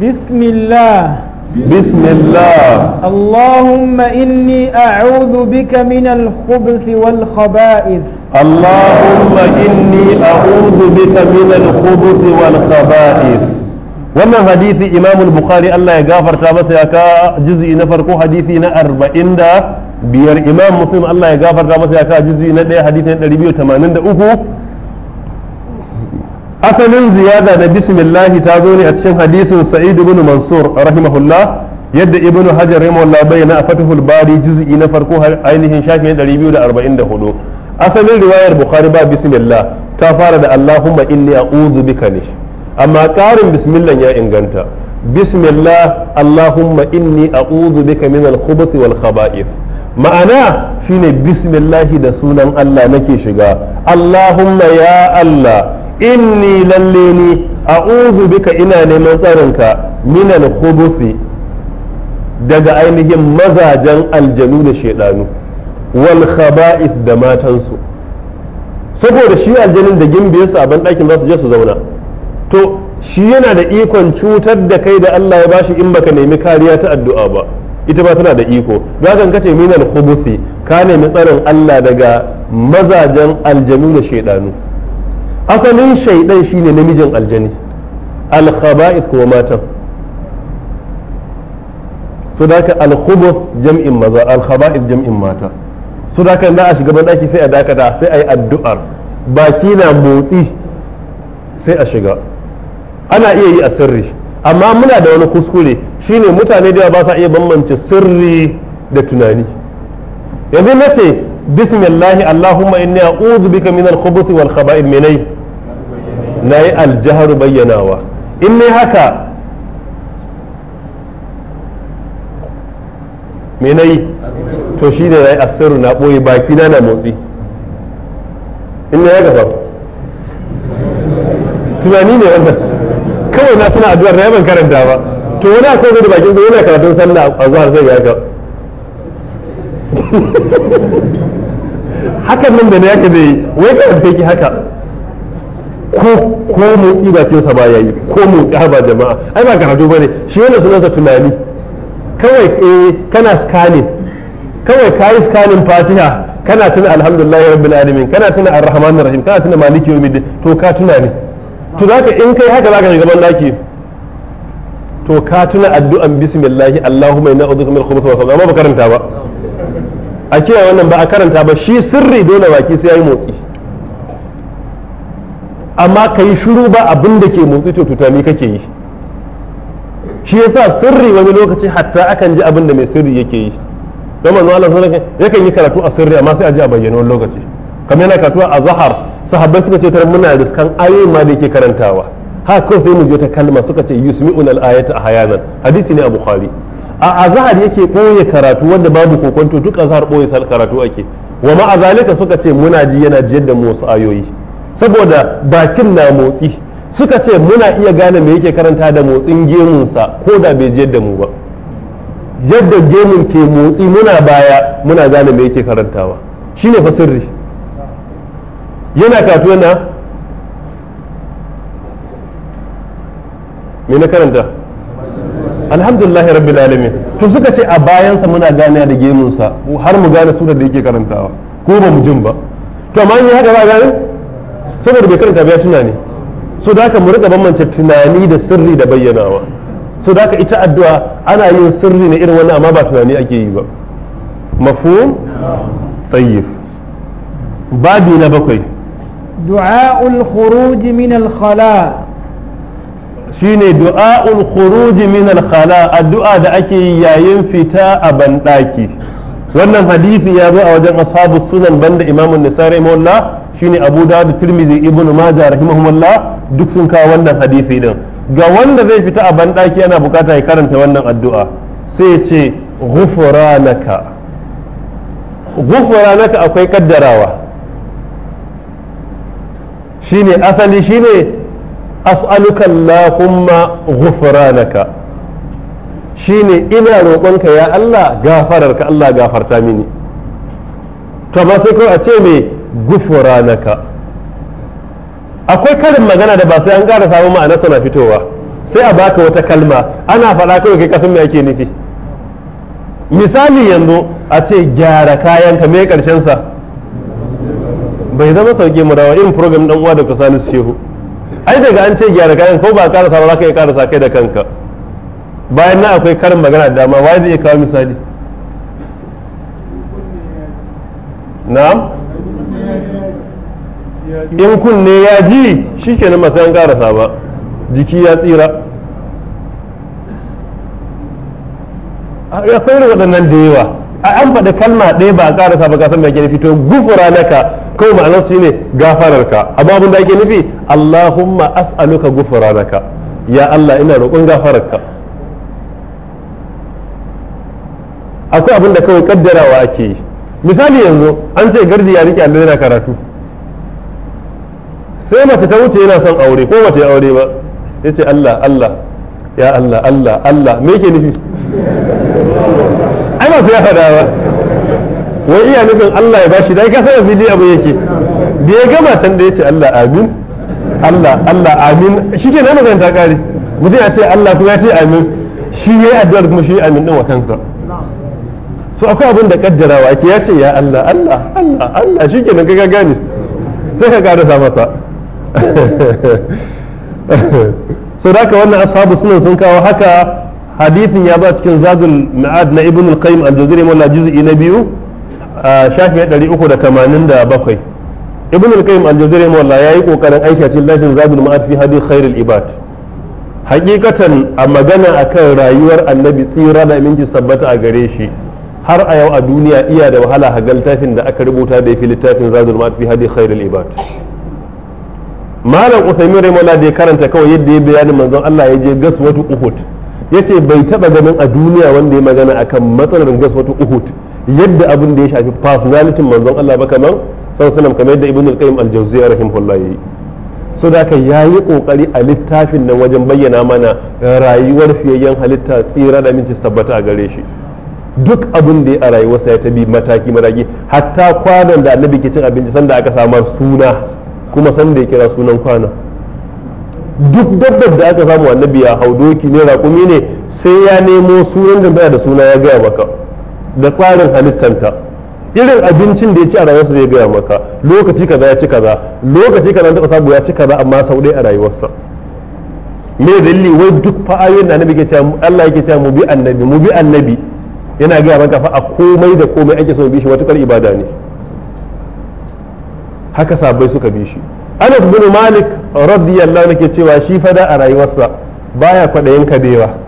bismillah بسم الله اللهم إني أعوذ بك من الخبث والخبائث اللهم إني أعوذ بك من الخبث والخبائث wannan hadisi imamul bukhari Allah ya gafarta masa ya ka juz'i na farko hadisi na arba'in da biyar imam muslim Allah ya gafarta masa ya ka juz'i na ɗaya hadisi na ɗari biyu tamanin da uku asalin ziyada na bismillahi ta zo ne a cikin hadisin sa'id ibn mansur rahimahullah yadda ibn hajar rahimahullah bayyana a fatihul bari juz'i na farko ainihin shafin 244 asalin riwayar bukhari ba bismillah ta fara da allahumma inni a'udhu bika ne amma karin bismillah ya inganta bismillah allahumma inni a'udhu bika min al wal khaba'ith ma'ana shine bismillah da sunan Allah nake shiga allahumma ya Allah inni lalle ni a bika ina neman tsarinka minan hubusi daga ainihin mazajen aljanu da shaidanu wal khaba'is da matansu saboda shi aljanin da gimbiyarsa a ban ɗakin za su je su zauna to shi yana da ikon cutar da kai da Allah ya bashi in baka nemi kariya ta addu'a ba ita ba tana da iko don kace minan khubuthi ka nemi tsaron Allah daga mazajen aljanu da shaidanu asalin shaidan shine namijin aljani alkhaba'is kuma matan su da ka jam'in maza alkhaba'is jam'in mata su da ka za a shiga daki sai a dakata sai a yi addu'ar baki na motsi sai a shiga ana iya yi a sirri amma muna da wani kuskure shine mutane da ba sa iya bambance sirri da tunani yanzu na ce bismillahi allahumma inni a'udhu bika min al-khubuth minai nayi al bayyanawa in haka me to shi ne na yi asiru na ɓoye baki na motsi in ya gaba tunani ne wannan kawai na tuna addu'ar na yaban karanta ba to wani a da bakin zai yana karatun sallah a zuwa sai ya ga hakan nan da na yaka zai yi wai ka yadda ki haka ko ko motsi bakinsa ba yayi ko motsi ba jama'a ai ba karatu bane shi yana sunansa tunani kawai eh kana scanning kawai kayi scanning fatiha kana tuna alhamdulillahi rabbil alamin kana tuna arrahmanir rahim kana tuna maliki yawmiddin to ka tuna ne to zaka in kai haka zaka shiga bandaki to ka tuna addu'an bisimillahi allahumma inna a'udhu min khubuthi ba karanta ba a cewa wannan ba a karanta ba shi sirri dole baki sai yayi motsi amma ka yi shiru ba abin da ke motsi to tutami kake yi shi yasa sirri wani lokaci hatta akan ji abin da mai sirri yake yi don manzo Allah sallallahu alaihi yakan yi karatu a sirri amma sai a ji a bayyana wani lokaci kamar yana karatu a zahar sahabbai suka ce tar muna riskan ayoyi ma da yake karantawa haka sai mu je ta kalma suka ce yusmi'un a haya hayanan hadisi ne a bukhari a azhar yake ɓoye karatu wanda babu kokonto duk azhar ɓoye sal karatu ake wa ma azalika suka ce muna ji yana jiyar da mu wasu ayoyi saboda bakin na motsi suka ce muna iya gane me yake karanta da motsin gemunsa ko da bai jiyar da mu ba yadda gemun ke motsi muna baya muna gane me yake karantawa shine fa sirri yana katu yana me na karanta alhamdulillah rabbil alamin to suka ce a bayansa muna gane da gemunsa har mu gane sunan da yake karantawa ko ba mu jin ba to amma in haka ba gane saboda bai karanta ba ya tunani so da haka mu rika bambance tunani da sirri da bayyanawa so da haka ita addu'a ana yin sirri ne irin wannan amma ba tunani ake yi ba mafhum tayyib babi na bakwai du'a al-khuruj min al-khala' shine du'a'ul khuruj min al-khala addu'a da ake yi yayin fita a bandaki wannan hadisi ya zo a wajen ashabu sunan banda imamu nisari rahimahullah shine abu dawud tirmidhi ibn majah rahimahullah duk sun kawo wannan hadisi din ga wanda zai fita a bandaki yana bukata ya karanta wannan addu'a sai ya ce ghufranaka ghufranaka akwai kaddarawa shine asali shine as'aluka allahumma ghufranaka shine ina roƙonka ya Allah gafararka Allah gafarta mini to ba sai kawai a ce me ghufranaka akwai karin magana da ba sai an ƙara samu ma'ana suna fitowa sai a baka wata kalma ana faɗa kawai kai kasan me ake nufi misali yanzu a ce gyara kayanka me karshen sa bai zama sauke mu rawa irin program dan uwa da kusani shehu ai daga an ce gyara kayan ko ba karasa ba za ka iya karasa kai da kanka bayan na akwai karin magana da dama wa zai iya kawo misali na'am in kunne ya ji shi ke nan an karasa ba jiki ya tsira akwai waɗannan da yawa an faɗi kalma ɗaya ba a karasa ba kasan mai gina fito gufura naka kawai ma'anar shi ne gafararka amma abin da ake nufi Allahumma as'aluka gufranaka ya Allah ina roƙon gafararka akwai abin da kawai kaddarawa ake yi misali yanzu an ce gardi ya rike Allah yana karatu sai mace ta wuce yana son aure ko mace aure ba ya ce Allah Allah ya Allah Allah Allah me yake nufi ana su ya faɗa ba wai iya nufin Allah ya bashi dai ka san bidi abu yake da ya gama can da yace Allah amin Allah Allah amin shike nan magana ta kare mutum ya ce Allah kuma ya ce amin shi yayi addu'ar kuma shi amin din wa kansa so akwai abin da kaddarawa ake ya ce ya Allah Allah Allah Allah shike nan ka gane sai ka sa masa sau da wannan ashabu sunan sun kawo haka hadithin ya ba cikin zagun ma'ad na ibn al-qayyim al-jazari mawla juz'i na biyu shafi 387 ibn al-qayyim al-jazari ya yayi kokarin aisha cin lafin zabin ma'ad hadi ibad hakikatan a magana akan rayuwar annabi tsira da aminci sabbata a gare shi har a yau a duniya iya da wahala hagal littafin da aka rubuta da fi littafin zabin ma'ad fi hadi khairul ibad malam usaimin raimola da ya karanta kawai yadda ya bayanin manzon Allah ya je gas gaswatu uhud yace bai taba ganin a duniya wanda ya magana akan matsalar gaswatu uhud yadda abin da ya shafi personality manzon Allah ba kamar sallallahu kamar yadda ibnu al-qayyim al-jawziyya rahimahullahi yayi so da ka yayi kokari a littafin nan wajen bayyana mana rayuwar fiyayyen halitta tsira da minci tabbata a gare shi duk abin da ya a rayuwarsa ya tabi mataki mataki hatta kwanan da annabi ke cin abinci sanda aka samar suna kuma sanda ya kira sunan kwanan duk dabbar da aka samu annabi ya hau doki ne raƙumi ne sai ya nemo sunan da da suna ya gaya maka da tsarin halittanta irin abincin da ya ci a rayuwarsa zai gaya maka lokaci kaza ya ci kaza lokaci kaza ta samu ya ci kaza amma sau ɗaya a rayuwarsa me dalili wai duk fa'ayoyin da annabi ke cewa Allah yake cewa mu bi annabi mu bi annabi yana gaya maka fa a komai da komai ake so bi shi matukar ibada ne haka sabai suka bi shi Anas bin Malik radiyallahu anhu ke cewa shi fada a rayuwarsa baya kwaɗayin kabewa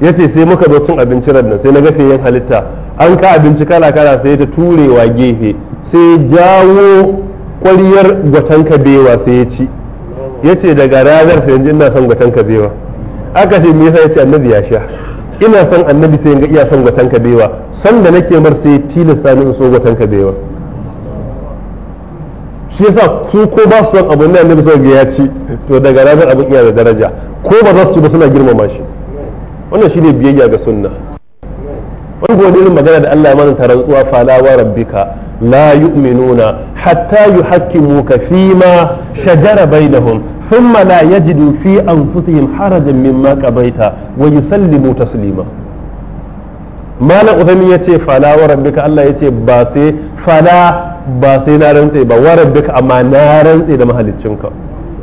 ya ce sai muka zo cin abinci nan sai na gafe yin halitta an ka abinci kala kala sai ta turewa gefe sai jawo kwaryar gwatan kabewa sai ya ci ya ce daga ranar sai yanzu ina son gwatan kabewa aka ce me yasa ya ce annabi ya sha ina son annabi sai iya son gwatan kabewa son da nake mar sai tilasta ni in so gwatan kabewa shi yasa su ko ba su son abin da annabi sai ya ci to daga ranar abin iya da daraja ko ba za su ci ba suna girmama shi wannan shine biyayya ga sunna wani wani irin magana da Allah ya manta rantsuwa fala wa rabbika la yu'minuna hatta yuhaqqimuka fima shajara bainahum thumma la yajidu fi anfusihim harajan mimma qabaita wa yusallimu taslima malam ya yace fala wa rabbika Allah yace ba sai fala ba sai na rantse ba wa rabbika amma na rantse da mahaliccinka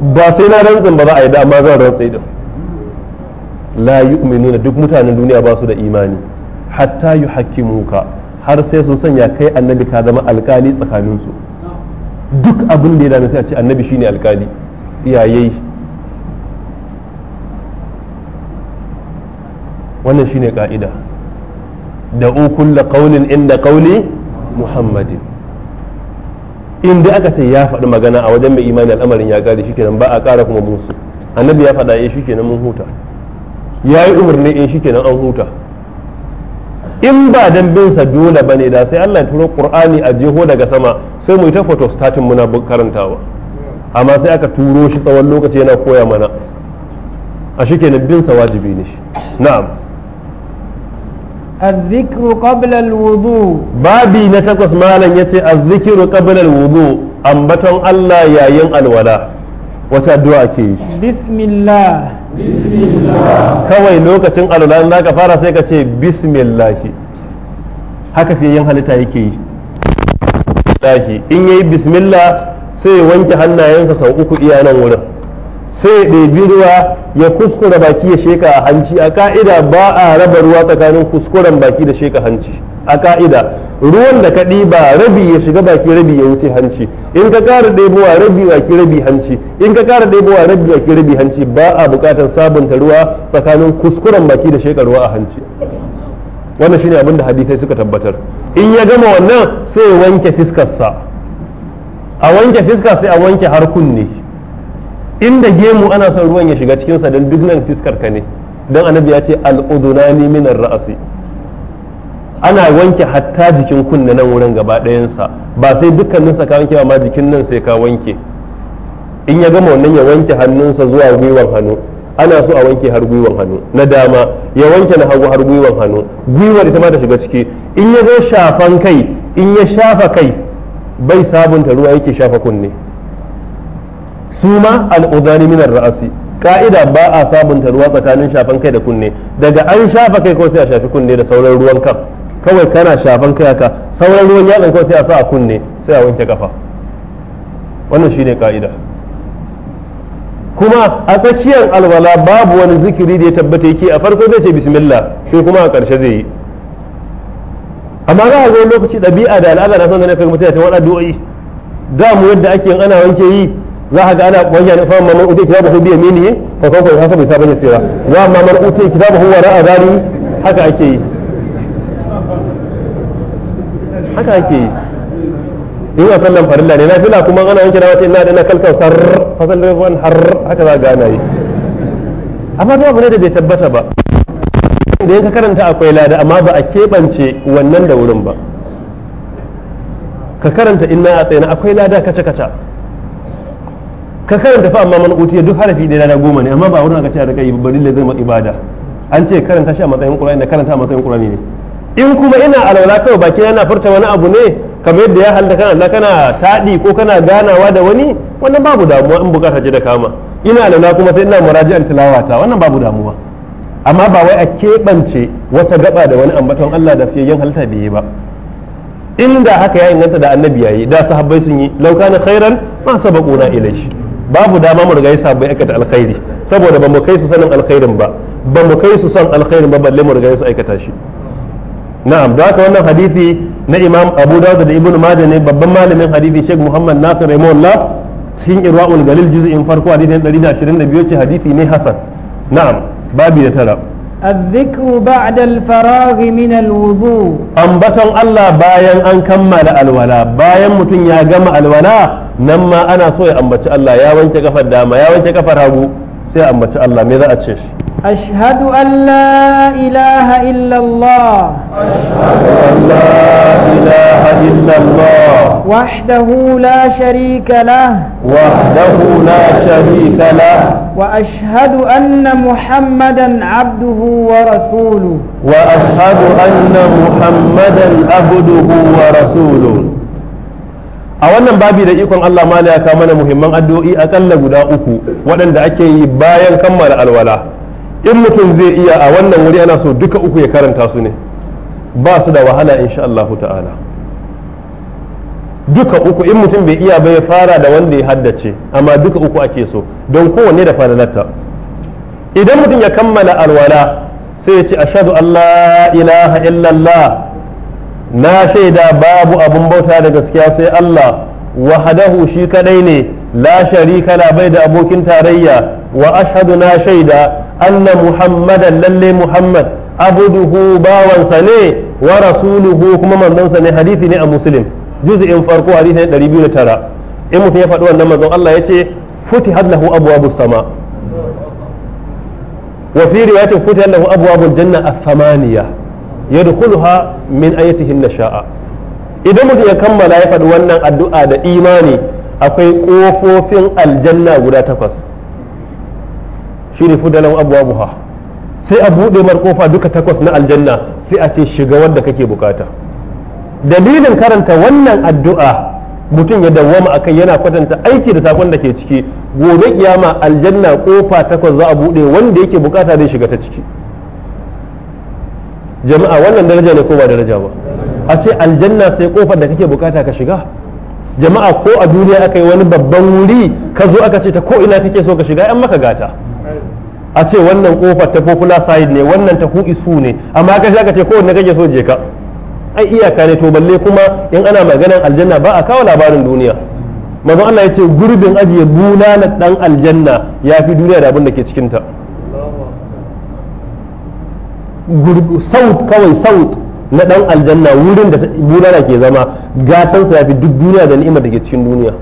ba sai na rantse ba za a yi da amma zan rantse din la yu'minuna duk mutanen duniya ba su da imani hatta yuhakkimuka har sai sun sanya kai annabi ka zama alkali tsakanin su duk abin da ya dame sai a ce annabi shine alkali iyaye wannan shine ka'ida da da qaulin inda qauli muhammadin in dai aka ce ya faɗi magana a wajen mai imani al'amarin ya kare shikenan ba a ƙara kuma musu annabi ya faɗa ya eh, kenan mun huta ya yi umarni in eh, shi kenan an huta in ba dan bin sa dole bane da sai Allah ya turo Qur'ani a jeho daga sama sai mu yi ta photostatin muna karantawa amma sai aka turo shi tsawon lokaci yana koya mana a shi kenan bin sa wajibi ne shi na'am الذكر قبل الوضوء بابي نتقص مالا يتي الذكر قبل الوضوء أنبتن الله يا ين الولا وتدعى كيش بسم الله kawai lokacin alula za ka fara sai ka ce bismillahi haka fiye yin halitta yake yi dahi in yayi bismillah sai wanke hannayensa sau uku iya nan wurin sai ɗebi ruwa ya kuskura baki ya sheka a hanci a ka'ida ba a raba ruwa tsakanin kuskuren baki da sheka hanci a ka'ida ruwan da kaɗi ba rabi ya shiga baki rabi ya wuce hanci in ka ƙara ɗebowa rabi baki rabi hanci in ka ƙara ɗebowa rabi baki rabi hanci ba a buƙatar sabunta ruwa tsakanin kuskuren baki da shekar ruwa a hanci wannan shine abin da hadisai suka tabbatar in ya gama wannan sai ya wanke fiskarsa a wanke fiska sai a wanke har kunne inda gemu ana son ruwan ya shiga cikinsa don duk nan fiskar ka ne don annabi ya ce al'udunani minar ra'asi ana wanke hatta jikin kunne nan wurin gaba ɗayansa ba sai dukkaninsa ka wanke ma jikin nan sai ka wanke in ya gama wannan ya wanke hannunsa zuwa gwiwan hannu ana so a wanke har gwiwan hannu na dama ya wanke na hagu har gwiwan hannu gwiwar ita ma ta shiga ciki in ya zo shafan kai in ya shafa kai bai sabunta ruwa yake shafa kunne su ma al'udani minar ra'asi ka'ida ba a sabunta ruwa tsakanin shafan kai da kunne daga an shafa kai ko sai a shafi kunne da sauran ruwan kan kawai kana shafan kai haka sauran ruwan yatsan kawai sai a sa a kunne sai a wanke kafa wannan shine ka'ida kuma a tsakiyar alwala babu wani zikiri da ya tabbata yake a farko zai ce bismillah sai kuma a ƙarshe zai yi amma za a zo lokaci ɗabi'a da al'ada na son zane kai mutane ta wani addu'o'i da mu yadda ake yin ana wanke yi za a ga ana wanke ne fa man uti kitabahu bi yaminihi fa sawfa yuhasabu hisaban yasira wa man uti kitabahu wara'a dhali haka ake yi haka ake yi in a sallan farilla ne na fila kuma ana wanke na wata ina da na kalkan sar fasal ruwan har haka za gana yi amma ba abu ne da bai tabbata ba da yanka karanta akwai lada amma ba a keɓance wannan da wurin ba ka karanta inna a tsaye akwai lada kaca kaca ka karanta fa amma malakutiya duk harafi ɗaya lada goma ne amma ba wurin aka ce a daga yi bari zai ibada an ce karanta shi a matsayin ƙur'ani da karanta a matsayin ƙur'ani ne in kuma ina alwala kawai baki yana furta wani abu ne kamar yadda ya halda kana Allah kana taɗi ko kana ganawa da wani wannan babu damuwa in bukata ji da kama ina alwala kuma sai ina muraji'an tilawata wannan babu damuwa amma ba wai a keɓance wata gaba da wani ambaton Allah da fiyayyen halitta bai yi ba inda haka ya inganta da annabi yayi da sahabbai sun yi laukana khairan ma sabaquna ilaihi babu dama mu riga sahabbai aikata alkhairi saboda ba mu kai su sanin alkhairin ba ba mu kai su san alkhairin ba balle mu riga aikata shi na'am da haka wannan hadisi na imam abu dawud da ibnu majah ne babban malamin hadisi sheikh muhammad nasir rahimahullah cikin irwaul galil juz'in farko hadisin 122 ce hadisi ne hasan na'am babi da tara الذكر بعد الفراغ من الوضوء أنبتن الله باين أن كمل الولاء باين متن يا جمع الولاء نما أنا ya wanke الله يا وانت كفر داما يا وانت كفر هابو سي أنبت الله ماذا أتشش أشهد أن لا إله إلا الله أشهد أن لا إله إلا الله وحده لا شريك له وحده لا شريك له وأشهد أن محمدا عبده ورسوله وأشهد أن محمدا عبده ورسوله a wannan babi da ikon Allah mala ya kawo mana muhimman addu'o'i akalla guda uku waɗanda ake yi bayan kammala alwala in mutum zai iya a wannan wuri ana so duka uku ya karanta su ne ba su da wahala insha Allah ta'ala duka uku in mutum bai iya ba ya fara da wanda ya haddace amma duka uku ake so don kowanne da fadalarta idan mutum ya kammala alwala sai ya ce ashadu Allah ilaha illallah na shaida babu abun bauta da gaskiya sai Allah wahadahu shi kadai ne la sharika la bai da abokin tarayya wa ashadu na shaida anna muhammadan lalle muhammad abduhu bawansa ne wa rasuluhu kuma manzonsa ne hadisi ne a muslim juz'in farko hadisi ne 209 in mutum ya faɗi wannan manzon Allah yace futihat lahu abwabus sama wa fi riwayatin futihat lahu abwabul janna ath-thamaniya yadkhuluha min ayatihin nasha'a idan mutum ya kammala ya faɗi wannan addu'a da imani akwai kofofin aljanna guda takwas shine fudalan abwabuha sai a buɗe mar kofa duka takwas na aljanna sai a ce shiga wanda kake bukata dalilin karanta wannan addu'a mutum ya dawwama akai yana kwatanta aiki da sakon da ke ciki gobe kiyama aljanna kofa takwas za a buɗe wanda yake bukata zai shiga ta ciki jama'a wannan daraja ne ko ba daraja ba a ce aljanna sai kofar da kake bukata ka shiga jama'a ko a duniya aka yi wani babban wuri ka zo aka ce ta ko ina kake so ka shiga yan maka gata a ce wannan kofar ta popular side ne wannan ta who su ne amma ka aka ce kowanne kake so je ka ai iyaka ne to balle kuma in ana maganar aljanna ba a kawo labarin duniya manzo Allah ya ce gurbin ajiye bulalar dan aljanna ya fi duniya da abin da ke cikin ta saut kawai saut na dan aljanna wurin da bulala ke zama gatansa ya fi duk duniya da ni'imar da ke cikin duniya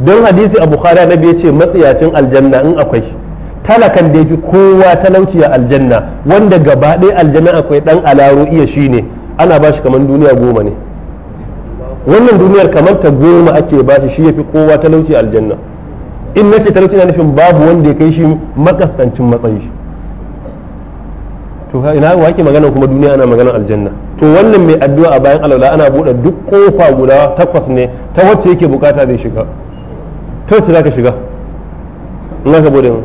don hadisi a bukhari na ya ce matsiyacin aljanna in akwai talakan da yafi kowa talauci a aljanna wanda gaba ɗaya aljanna akwai ɗan alaro iya shine ana ba shi kamar duniya goma ne wannan duniyar kamar ta goma ake ba shi shi yafi kowa talauci a aljanna in na ce talauci na nufin babu wanda ya kai shi makaskancin matsayi to ina wake magana kuma duniya ana magana aljanna to wannan mai addu'a a bayan alaula ana bude duk kofa guda takwas ne ta wacce yake bukata zai shiga ta wacce zaka shiga in ka bude mu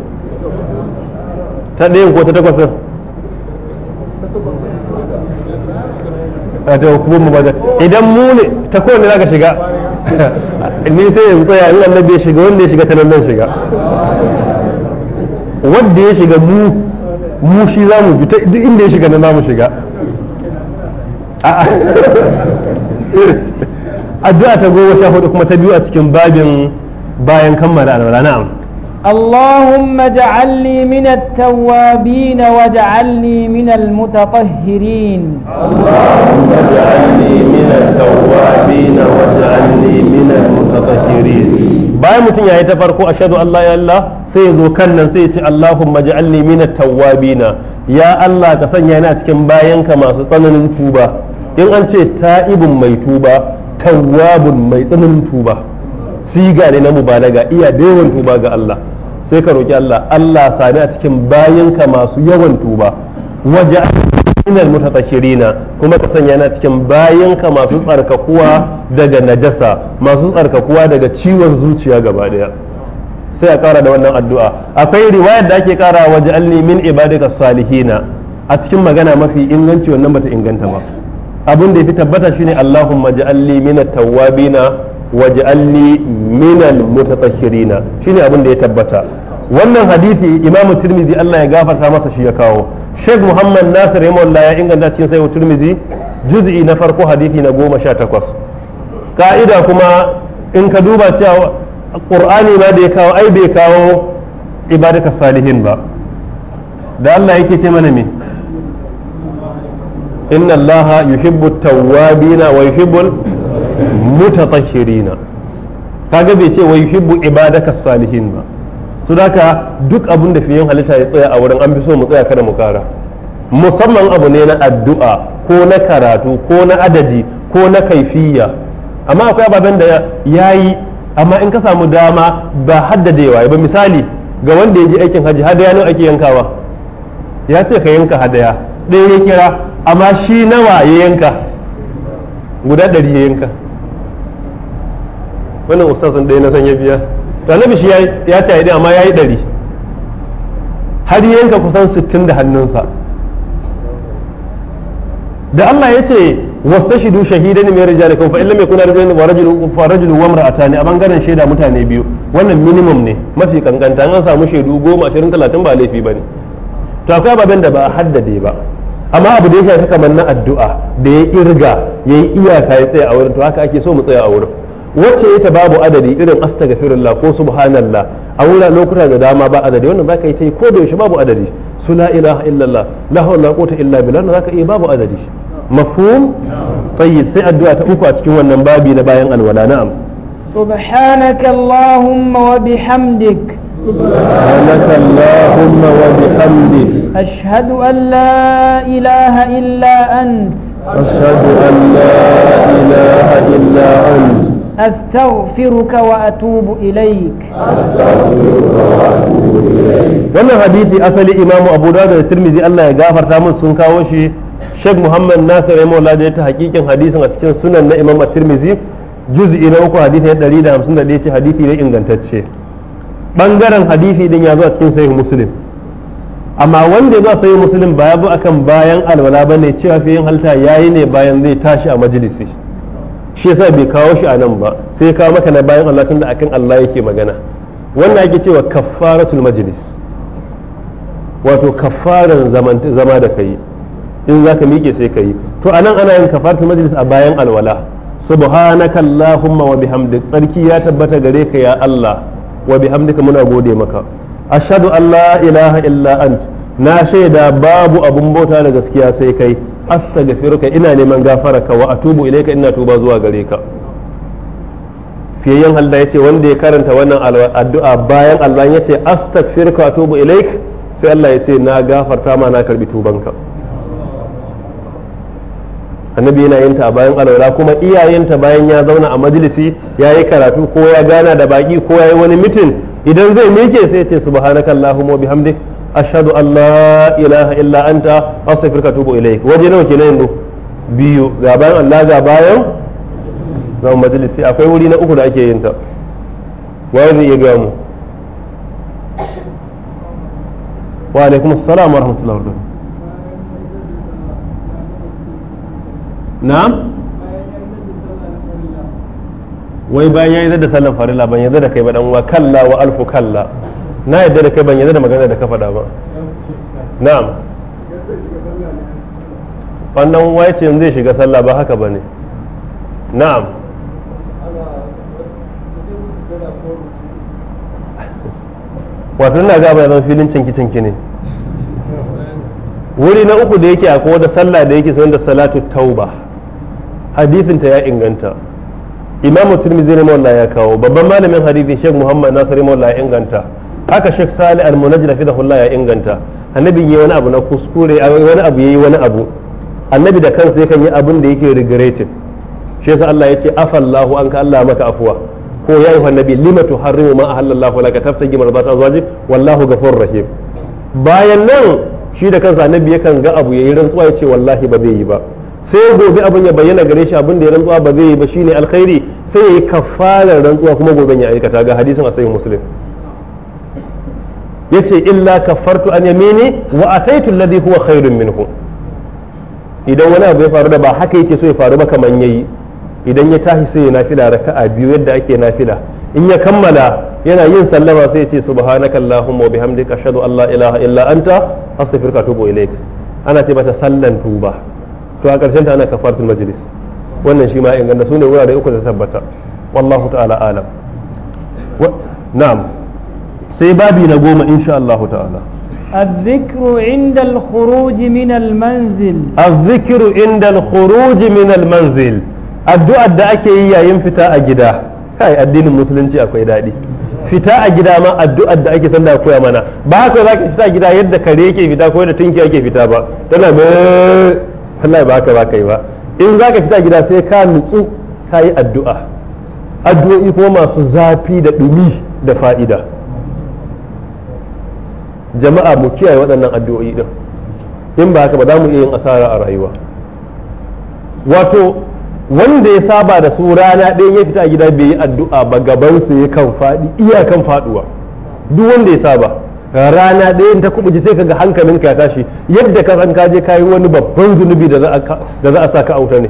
ta ɗaya ko ta takwas ɗin a ta kuma mu bada idan mu ne ta kowane za ka shiga ni sai yanzu tsaya in annabi ya shiga wanda ya shiga ta nan shiga wanda ya shiga mu mu shi za mu bi duk inda ya shiga na mu shiga addu'a ta goma sha hudu kuma ta biyu a cikin babin bayan kammala alwala na'am اللهم اجعلني من التوابين واجعلني من المتطهرين اللهم اجعلني من التوابين واجعلني من المتطهرين bayan mutum ya yi ta farko ashadu Allah ya Allah sai ya zo kan nan sai ya ce Allahumma ja'alni minat tawwabina ya Allah ka sanya ni a cikin bayan ka masu tsananin tuba in an ce ta'ibun mai tuba tawwabun mai tsananin tuba siga ne na mubalaga iya da yawan tuba ga Allah sai ka roƙi Allah Allah sani a cikin bayinka masu yawan tuba waje minal mutatashirin kuma ka sanya na cikin bayanka masu tsarkakuwa daga najasa masu tsarkakuwa daga ciwon zuciya gaba daya sai a kara da wannan addu'a akwai riwayar da ake kara waje alni min ibadika salihina a cikin magana mafi inganci wannan bata inganta ba abin da fi tabbata shine Allahumma ja'alni minat tawwabina waj'alni minal mutatahhirina shine abin da ya tabbata wannan hadisi imam tirmizi Allah ya gafarta masa shi ya kawo sheikh muhammad nasir rahimahullah ya inganta cikin sai tirmizi juz'i na farko hadisi na goma sha takwas ka'ida kuma in ka duba cewa qur'ani ma da ya kawo ai bai kawo ibadaka salihin ba da Allah yake ce mana me inna Allah yuhibbu tawwabina wa yuhibbu mutatahhirina kaga bai ce wa yuhibbu salihin ba su haka duk abin da fiye halitta ya tsaya a wurin an fi so mu tsaya kada mu kara musamman abu ne na addu'a ko na karatu ko na adadi ko na kaifiyya amma akwai ababen da ya yi amma in ka samu dama ba haddadewa ba misali ga wanda ya je aikin haji hadaya nawa ake yankawa ya ce ka yanka hadaya ɗaya ya kira amma shi nawa ya yanka guda ɗari ya yanka wannan ustazin ɗaya na san ya biya to annabi shi ya ce idan amma yi ɗari har yanka kusan sittin da hannunsa da Allah ya ce wastashidu shidu shahida ne fa illam da rajulan wa rajulun fa rajulun wa imra'atani a bangaren shaida mutane biyu wannan minimum ne mafi kankanta an samu shaidu goma ashirin talatin ba laifi ne. to akwai ababen da ba a haddade ba amma abu da ya shafi kamar na addu'a da ya irga ya yi iyaka ya tsaya a wurin to haka ake so mu tsaya a wurin wacce ita babu adadi irin astaghfirullah ko subhanallah a wura lokuta da dama ba adadi wannan zaka yi ta yi ko da yaushe babu adadi su la ilaha illallah la hawla wala quwwata illa billah zaka yi babu adadi mafhum tayyib sai addu'a ta uku a cikin wannan babi na bayan alwala na'am subhanaka allahumma wa bihamdik سبحانك اللهم وبحمدك أشهد أن لا إله إلا أنت أشهد أن لا إله إلا أنت أستغفرك وأتوب إليك أستغفرك wannan hadisi asali imamu abu dawud da tirmizi Allah ya gafarta mun sun kawo shi Sheikh Muhammad Nasir ya maula da ta hakikin hadisin a cikin sunan na Imam At-Tirmidhi juz'i na uku hadisi na 151 ce hadisi ne ingantacce bangaren hadisi din ya zo a cikin sahih Muslim amma wanda ya zo sahih Muslim ba ya bi akan bayan alwala bane cewa fiyin halta yayi ne bayan zai tashi a majalisi shi yasa bai kawo shi a nan ba sai ya kawo maka na bayan Allah tunda akan Allah yake magana wannan ake cewa kaffaratul majlis wato kaffaran zama da kai in za ka miƙe sai ka yi to a nan ana yin kafaratul majlis a bayan alwala subhanaka allahumma wa bihamdik tsarki ya tabbata gare ka ya Allah wa bihamdika muna gode maka ashhadu an la ilaha illa ant na shaida babu abun bauta da gaskiya sai kai astaghfiruka ina neman gafaraka wa atubu ilayka ina tuba zuwa gare ka fiyayyen halda yace wanda ya karanta wannan addu'a bayan Allah yace astaghfiruka atubu ilayk sai Allah ya na gafarta ma na karbi tubanka annabi yana yin ta bayan alwala kuma iyayenta bayan ya zauna a majalisi ya yi karatu ko ya gana da baki ko ya yi wani mitin idan zai mike sai ya ce subhanakallahumma bihamdika ashhadu an la ilaha illa anta astaghfiruka wa atubu ilaik waje nawa kenan yanzu biyu ga bayan Allah ga bayan ga majalisi akwai wuri na uku da ake yin ta waye zai iya gamu mu wa alaikum assalam wa rahmatullahi wa na'am wai bayan ya yi da sallan farilla ban yarda da kai ba dan wa kalla wa alfu kalla na yadda da kai ban yadda da magana da ka faɗa ba na'am wannan wace zai shiga sallah ba haka ba ne na'am wato na ga bai zan filin cinki cinki ne wuri na uku da yake akwai wata sallah da yake sanar da salatu tauba hadisinta ta ya inganta imamu tirmidhi ne mawla ya kawo babban malamin hadisi sheikh muhammad nasir mawla ya inganta haka shek sali Al-Munajjid hulla ya inganta annabi yayi wani abu na kuskure wani abu yayi wani abu annabi da kansa yakan yi abin da yake regretted shi yasa Allah ya ce afallahu anka Allah maka afuwa ko ya ayyuhan nabi lima tuharrimu ma ahallallahu laka taftagi marzata azwajik wallahu ghafurur rahim bayan nan shi da kansa annabi yakan ga abu yayi rantsuwa yace ce wallahi ba zai yi ba sai gobe abin ya bayyana gare shi abin da ya rantsuwa ba zai yi ba shine alkhairi sai yayi kafalar rantsuwa kuma gobe ya aikata ga hadisin a muslim yace illa kafartu an yamini wa ataitu alladhi huwa khairun minhu idan wani abu ya faru da ba haka yake so ya faru ba kaman yayi idan ya tashi sai ya nafila raka'a biyu yadda ake nafila in ya kammala yana yin sallama sai ya ce subhanaka allahumma wa bihamdika ashhadu an la ilaha illa anta astaghfiruka wa atubu ilaik ana ce mata sallan tuba to a karshen ta ana kafaratul majlis wannan shi ma inganta sune wurare uku da tabbata wallahu ta'ala alam na'am sai babi na goma insha Allah ta'ala الذكر عند الخروج من المنزل الذكر عند الخروج من المنزل addu'ar da ake yi yayin fita a gida kai addinin musulunci akwai daɗi fita a gida ma addu'ar da ake sanda koya mana ba haka za ka fita gida yadda kare yake fita ko yadda tunki yake fita ba tana ba Allah ba haka ba kai ba in za ka fita gida sai ka nutsu ka yi addu'a addu'o'i ko masu zafi da ɗumi da fa'ida jama'a mu kiyaye waɗannan addu'o'i din in ba haka ba za mu iya yin asara a rayuwa wato wanda ya saba da su rana ɗaya ya fita a gida bai yi addu'a ba gaban su ya kan faɗi iyakan faɗuwa duk wanda ya saba rana ɗaya ta kubuce sai ka hankalinka ya tashi yadda ka san ka je kayi wani babban zunubi da za a sa ka auta ne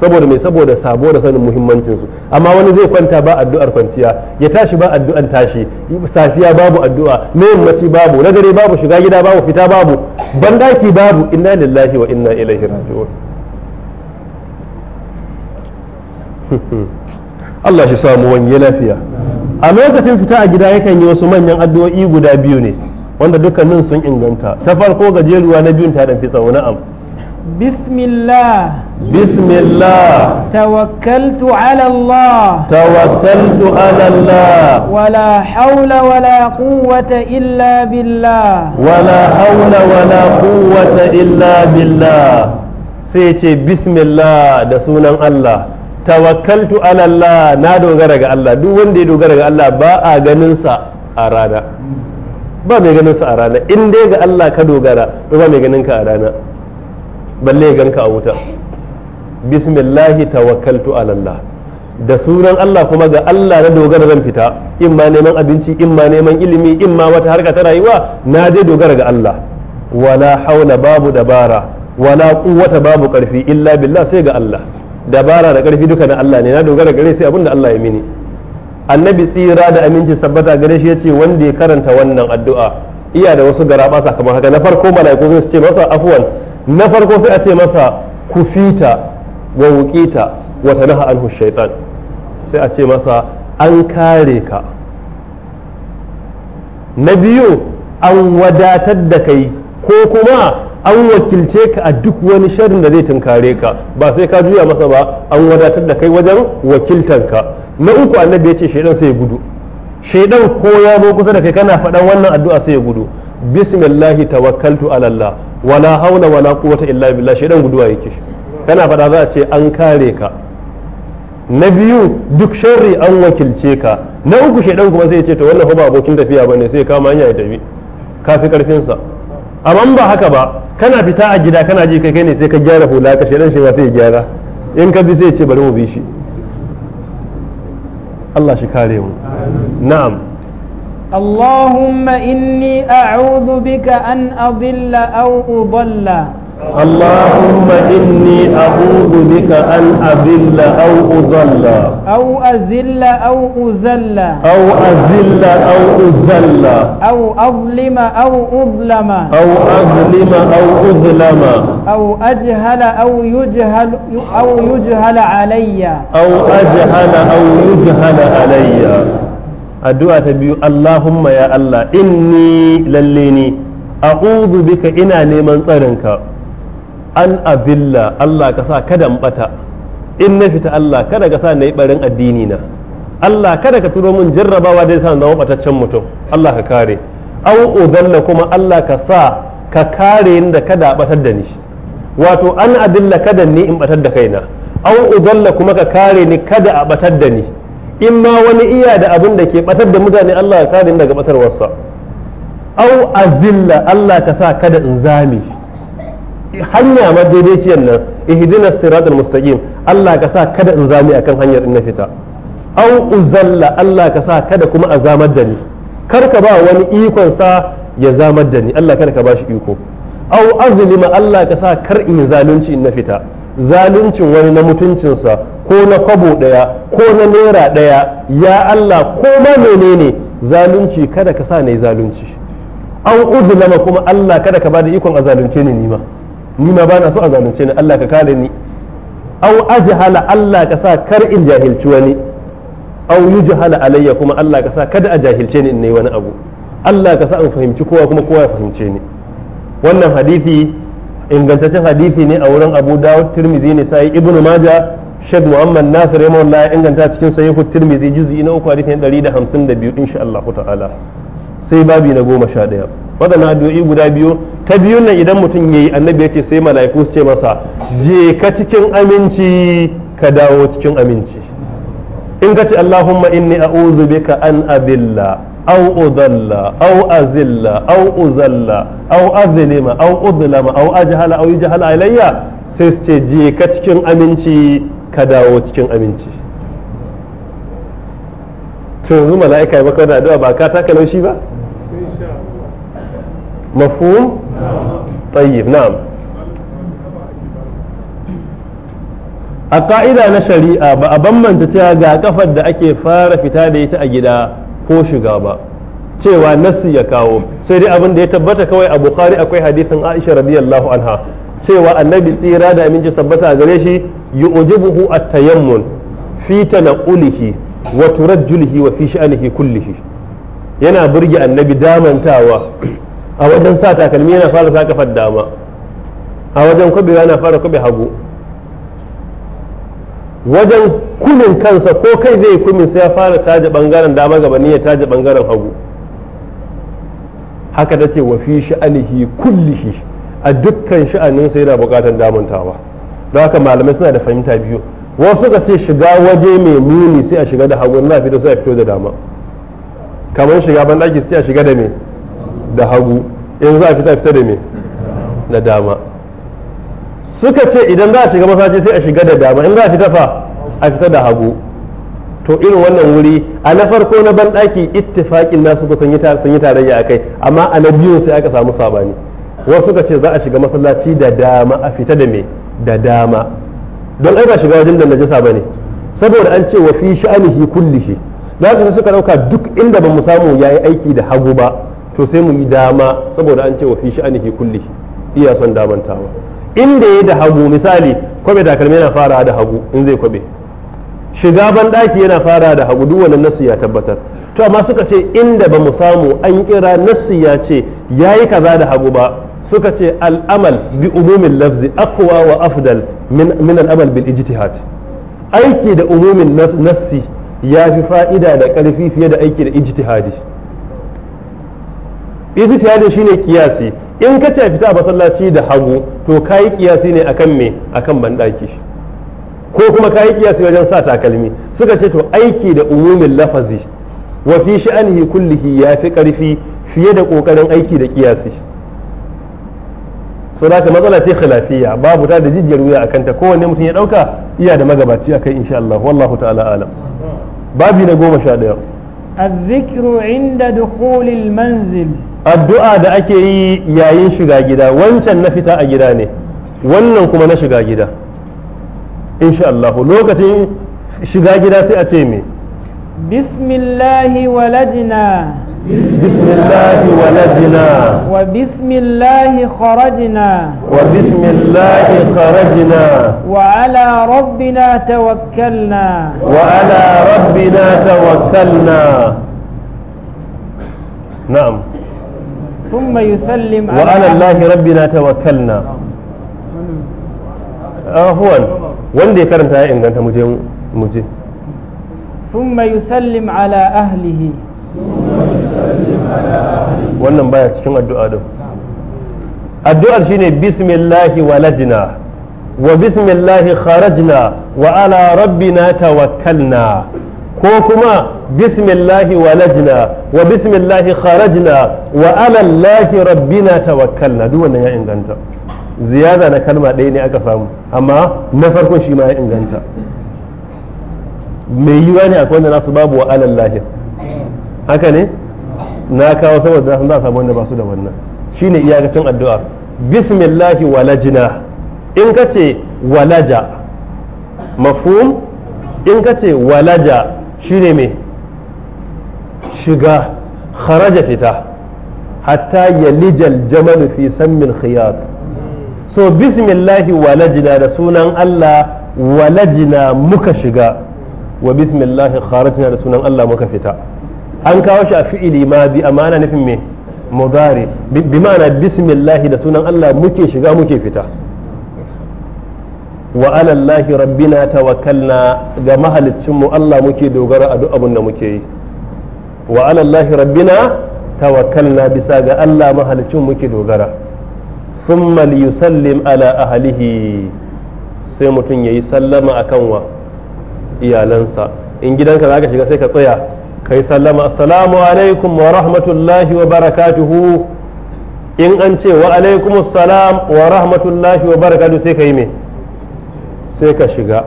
saboda mai saboda sabo da sanin muhimmancinsu amma wani zai kwanta ba addu'ar kwanciya ya tashi ba addu'an tashi safiya babu addu'a na yammaci babu na dare babu shiga gida babu fita babu daki babu inna lillahi wa inna ilaihi raji'un Allah shi samu wani lafiya a lokacin fita a gida yakan yi wasu manyan addu'o'i guda biyu ne wanda dukkanin sun inganta ta farko gajeruwa na biyun ta dan fi tsawo na'am بسم الله بسم الله توكلت على الله توكلت على الله ولا حول ولا قوة إلا بالله ولا حول ولا قوة إلا بالله سيتي بسم الله دسونا الله توكلت على الله نادو غرق الله دو وندي دو غرق الله باء غننسا أرانا ba mai ganin sa a rana in dai ga Allah ka dogara ba mai ganin ka a rana balle ya ganka a wuta bismillahi tawakkaltu ala Allah da sunan Allah kuma ga Allah na dogara zan fita in ma neman abinci in ma neman ilimi in ma wata harka ta rayuwa na je dogara ga Allah wala haula babu dabara wala quwwata babu karfi illa billah sai ga Allah dabara da karfi duka na Allah ne na dogara gare sai abinda Allah ya mini annabi tsira da aminci sabbata gare shi yace wanda ya karanta wannan addu'a iya da wasu garaba kamar haka na farko mala'iku su ce masa afwan na farko sai a ce masa kufita wa wuƙita wa tanaha anhu shaitan sai a ce masa an kare ka na biyu an wadatar da kai ko kuma an wakilce ka a duk wani sharin da zai tunkare ka ba sai ka juya masa ba an wadatar da kai wajen wakiltanka na uku annabi ya ce shaidan sai ya gudu shaidan ko ya zo kusa da kai kana faɗan wannan addu'a sai ya gudu bismillahi tawakkaltu ala Allah wala hauna wala quwwata illa billah dan guduwa yake shi kana faɗa za a ce an kare ka na biyu duk sharri an wakilce ka na uku shedan kuma zai ce to wannan ba abokin tafiya bane sai kama hanya ya tafi kafi karfin sa amma ba haka ba kana fita a gida kana ji kai kai ne sai ka gyara hula ka shedan shi ba sai ya gyara in ka bi sai ya ce bari mu bi shi Allah shi kare mu na'am اللهم إني أعوذ بك أن أضل أو أضل اللهم إني أعوذ بك أن أذل أو أضل أو أزل أو أزل أو أزل أو أزل أو أظلم أو أظلم أو أظلم أو أظلم أو أجهل أو يجهل أو يجهل علي أو أجهل أو يجهل علي addu'a ta biyu Allahumma ya Allah inni lalle ni a'udhu bika ina neman tsarinka an abilla. Allah ka sa kada in bata in na fita Allah kada ka sa nayi barin addini na Allah kada ka turo min jarrabawa dai sa na wabataccen mutum Allah ka kare aw udalla kuma Allah ka sa ka kare ni da kada batar da ni wato an adilla kada ni in batar da kaina aw udalla kuma ka kare ni kada a batar da ni in ma wani iya da abin da ke batar da mutane Allah ya kare daga batarwarsa au azilla Allah ka sa kada in zame hanya ma daidaiciyar nan ihdinas siratal mustaqim Allah ka sa kada in zame akan hanyar in na fita au uzalla Allah ka sa kada kuma a zamar da ni kar ka ba wani ikon sa ya zamar da ni Allah kada ka bashi iko au azlima Allah ka sa kar in zalunci in na fita zaluncin wani na mutuncinsa ko na kwabo ɗaya ko na naira ɗaya ya Allah ko ma menene zalunci kada ka sa ne zalunci an lama kuma Allah kada ka bada ikon a zalunce ni nima nima ba na so a zalunce ni Allah ka kare ni au ajhala Allah ka sa kar in jahilci wani au yujhala alayya kuma Allah ka sa kada a jahilce ni in nayi wani abu Allah ka sa an fahimci kowa kuma kowa ya fahimce ni wannan hadisi ingantaccen hadisi ne a wurin Abu Dawud Tirmidhi ne sai Ibn Majah Sheikh Muhammad Nasir ya mawalla ya inganta cikin mai zai juz'i na uku a hadisin biyu insha Allah ta'ala sai babi na goma sha daya waɗannan addu'o'i guda biyu ta biyun nan idan mutum ya yi annabi ya ce sai mala'iku su ce masa je ka cikin aminci ka dawo cikin aminci in ka ce Allahumma inni a'udhu ka an adilla aw udalla aw azilla aw uzalla aw azlima aw udlama aw ajhala aw yujhala alayya sai su ce je ka cikin aminci ka dawo cikin aminci to yanzu mala'ika ya maka da addu'a ba ka taka laushi ba mafhum tayyib na'am a ka'ida na shari'a ba a bambanta cewa ga kafar da ake fara fita da ita a gida ko shiga ba cewa nasu ya kawo sai dai abin da ya tabbata kawai a bukhari akwai hadithin aisha radiyallahu anha cewa annabi tsira da aminci sabbata gare shi يؤجبه at في تنقله وترجله وفي شأنه كله ينا sha'nihi kullihi yana burge annabi damantawa a wajen sa takalmi yana fara sa kafar dama a wajen kwabe yana fara hagu wajen kumin kansa ko kai zai kumin sai ya fara taje bangaren dama gaba ni ya taje bangaren hagu haka ta ce wa fi sha'anihi kullihi a dukkan sai yana bukatan damantawa don haka malamai suna da fahimta biyu wasu suka ce shiga waje mai muni sai a shiga da hagu na fito sai a fito da dama kamar shiga ban ɗaki sai a shiga da me da hagu in za a fita fita da me da dama suka ce idan za a shiga masaji sai a shiga da dama in za a fita fa a fita da hagu to irin wannan wuri a na farko na banɗaki ittifaƙin nasu ko sun yi tarayya a kai amma a na biyun sai aka samu sabani wasu suka ce za a shiga masallaci da dama a fita da me da dama don ai ba shiga wajen da najasa ba ne saboda an ce wa fi sha'anihi kullihi da su suka dauka duk inda ba mu samu yayi aiki da hagu ba to sai mu yi dama saboda an ce wa fi sha'anihi kullihi iya son damantawa inda ya da hagu misali kwabe takalmi yana fara da hagu in zai kwabe shiga ban daki yana fara da hagu duk wannan nasu ya tabbatar to amma suka ce inda ba mu samu an kira nasu ya ce yayi kaza da hagu ba suka ce al'amal bi umumin lafzi akwa wa afdal min al'amal bil ijtihad aiki da umumin nassi ya fi fa'ida da ƙarfi fiye da aiki da ijtihadi ijtihadi shine kiyasi in ka ce fita masallaci da hagu to kayi kiyasi ne akan me akan ko kuma kayi kiyasi wajen sa takalmi suka ce to aiki da umumin lafazi wa fi sha'anihi kullihi ya fi ƙarfi fiye da ƙoƙarin aiki da kiyasi sau da ka matsala ce khilafiyya babu ta da jijiyar wuya akan ta kowanne mutum ya dauka iya da magabaci akai insha Allah wallahu ta'ala alam babi na goma sha ɗaya الذكر عند دخول manzil. addu'a da ake yi yayin shiga gida wancan na fita a gida ne wannan kuma na shiga gida insha Allah lokacin shiga gida sai a ce me bismillahi walajina بسم الله ولدنا وبسم الله خرجنا وبسم الله خرجنا وعلى ربنا توكلنا وعلى ربنا توكلنا نعم ثم يسلم على وعلى الله ربنا توكلنا آه هو wanda ya karanta ya inganta muje muje ثم يسلم على أهله wannan baya cikin addu'a din addu'ar shine bismillahi walajna wa bismillahi kharajna wa ala rabbina tawakkalna ko kuma bismillahi walajna wa bismillahi kharajna wa ala allahi rabbina tawakkalna duk wannan ya inganta ziyada na kalma ɗaya ne aka samu amma na farkon shi ma ya inganta mai yiwa ne akwai wanda nasu babu wa alallahi haka ne na kawo saboda za a samu wanda ba su da wannan shine iyakacin addu'a bismillahi walajina in ka ce walaja mafhum in ka ce walaja shine me shiga kharaja fita hatta yalijal jamalu fi sammin khiyat so bismillahi walajina da sunan Allah walajina muka shiga wa bismillahi kharajna da sunan Allah muka fita an kawo shi a fi'ili ma bi amma ana nufin me mudari bi ma'ana bismillah da sunan Allah muke shiga muke fita wa ala Allah rabbina tawakkalna ga mahaliccin mu Allah muke dogara a duk abin da muke yi wa ala Allah rabbina tawakkalna bisa ga Allah mahaliccin muke dogara thumma liyusallim ala ahlihi sai mutum yayi sallama akan wa iyalansa in gidanka zaka shiga sai ka tsaya kai sallama assalamu alaikum wa rahmatullahi wa barakatuhu in an ce wa alaikum assalam wa rahmatullahi wa barakatuhu sai ka yi me sai ka shiga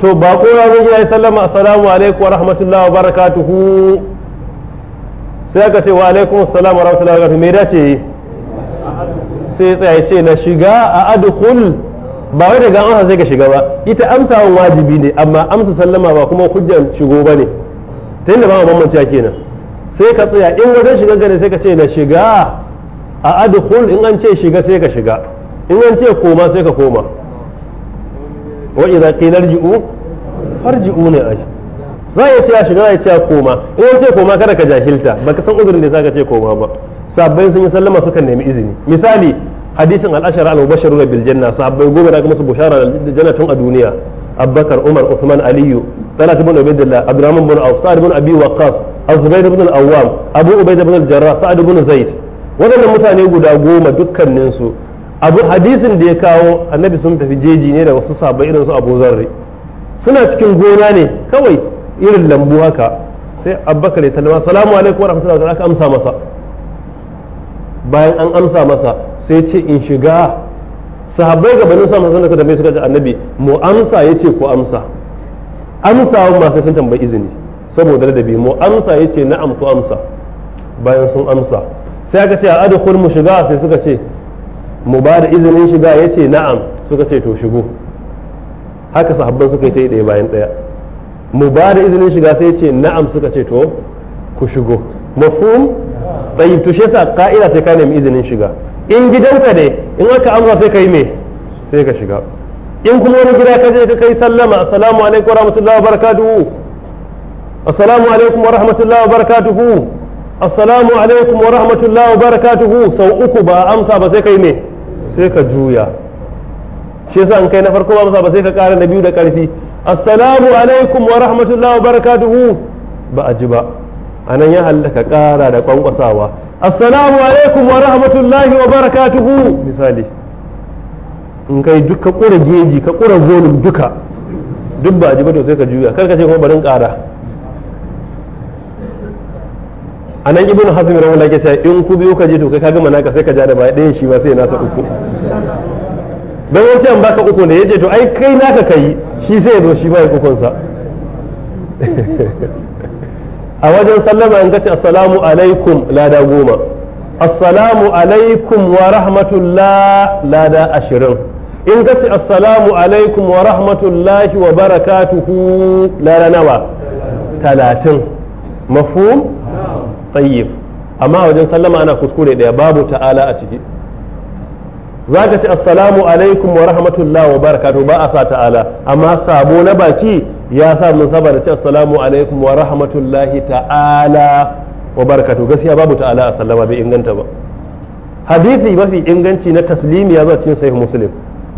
to ba kowa ya yi ya sallama assalamu alaikum wa rahmatullahi wa barakatuhu sai ka ce wa alaikum assalam wa rahmatullahi wa barakatuhu me dace sai ya ce na shiga a adkhul ba wai daga amsa sai ka shiga ba ita amsa wa wajibi ne amma amsa sallama ba kuma hujjan shigo ba ne ta yadda ba a kenan sai ka tsaya in wajen shiga gane sai ka ce na shiga a adhul in an ce shiga sai ka shiga in an ce koma sai ka koma wa idza qila rji'u farji'u ne ai za ya ce shiga za ya ce koma in an ce koma kada ka jahilta baka san uzurin da zaka ce koma ba sabbin sun yi sallama sukan nemi izini misali hadisin al-ashar al-mubashiruna bil janna sahabbai goma da ga musu bushara da jannatun a duniya abubakar umar usman aliyu talatu bin ubaidillah abdurrahman bin auf sa'ad bin abi waqas az zubayr bin al-awwam abu ubaida bin al-jarrah sa'ad bin zaid wadannan mutane guda goma dukkanin su abu hadisin da ya kawo annabi sun tafi jeji ne da wasu sahabbai irin su abu zarri suna cikin gona ne kawai irin lambu haka sai abubakar ya sallama assalamu alaikum wa rahmatullahi wa aka amsa masa bayan an amsa masa sai ce in shiga sahabbai gabanin sa manzon da mai suka ji annabi mu amsa ya ce ku amsa amsawa masu sun tambayi izini saboda ladabi mu amsa ya ce na'am ku amsa bayan sun amsa sai aka ce a adkhul mu shiga sai suka ce mu ba da izinin shiga ya ce na'am suka ce to shigo haka sahabban suka yi ta yi ɗaya bayan ɗaya mu ba da izinin shiga sai ce na'am suka ce to ku shigo mafhum tayyib to shi yasa ka'ida sai ka nemi izinin shiga in gidanka ne in aka amsa sai kai me sai ka shiga in kuma wani gida ka je ka kai sallama assalamu alaikum warahmatullahi wabarakatuhu assalamu alaikum warahmatullahi wabarakatuhu assalamu alaikum warahmatullahi wabarakatuhu sau uku ba amsa ba sai kai me sai ka juya shi yasa in kai na farko ba amsa ba sai ka kara na biyu da karfi assalamu alaikum wa rahmatullahi ba a ji ba a nan ya hallaka kara da kwankwasawa assalamu alaikum wa rahmatullahi wa barakatuhu misali in kai duk ka kura geji ka kura volume duka duk ba ji ba to sai ka juya kar ka ce kuma barin kara anan ibn hazm rawala ke cewa in ku biyo ka je to kai ka gama naka sai ka ja da baya ɗayan shi ba sai nasa uku dan wani an baka uku ne yace to ai kai naka kai shi sai ya zo shi ba ya ukun sa a wajen sallama in kace assalamu alaikum lada goma assalamu alaikum wa rahmatullah lada ashirin in kace assalamu alaikum wa rahmatullahi wa barakatuhu lada nawa talatin mafhum tayyib amma a wajen sallama ana kuskure daya babu ta'ala a ciki za ka ce assalamu alaikum wa rahmatullah wa barakatuhu ba a sa ta'ala amma sabo na baki ya sa mun saba da ce assalamu alaikum wa rahmatullahi ta'ala wa barakatuh gaskiya babu ta'ala a sallama bai inganta ba hadisi mafi inganci na taslimi ya zo cikin sahih muslim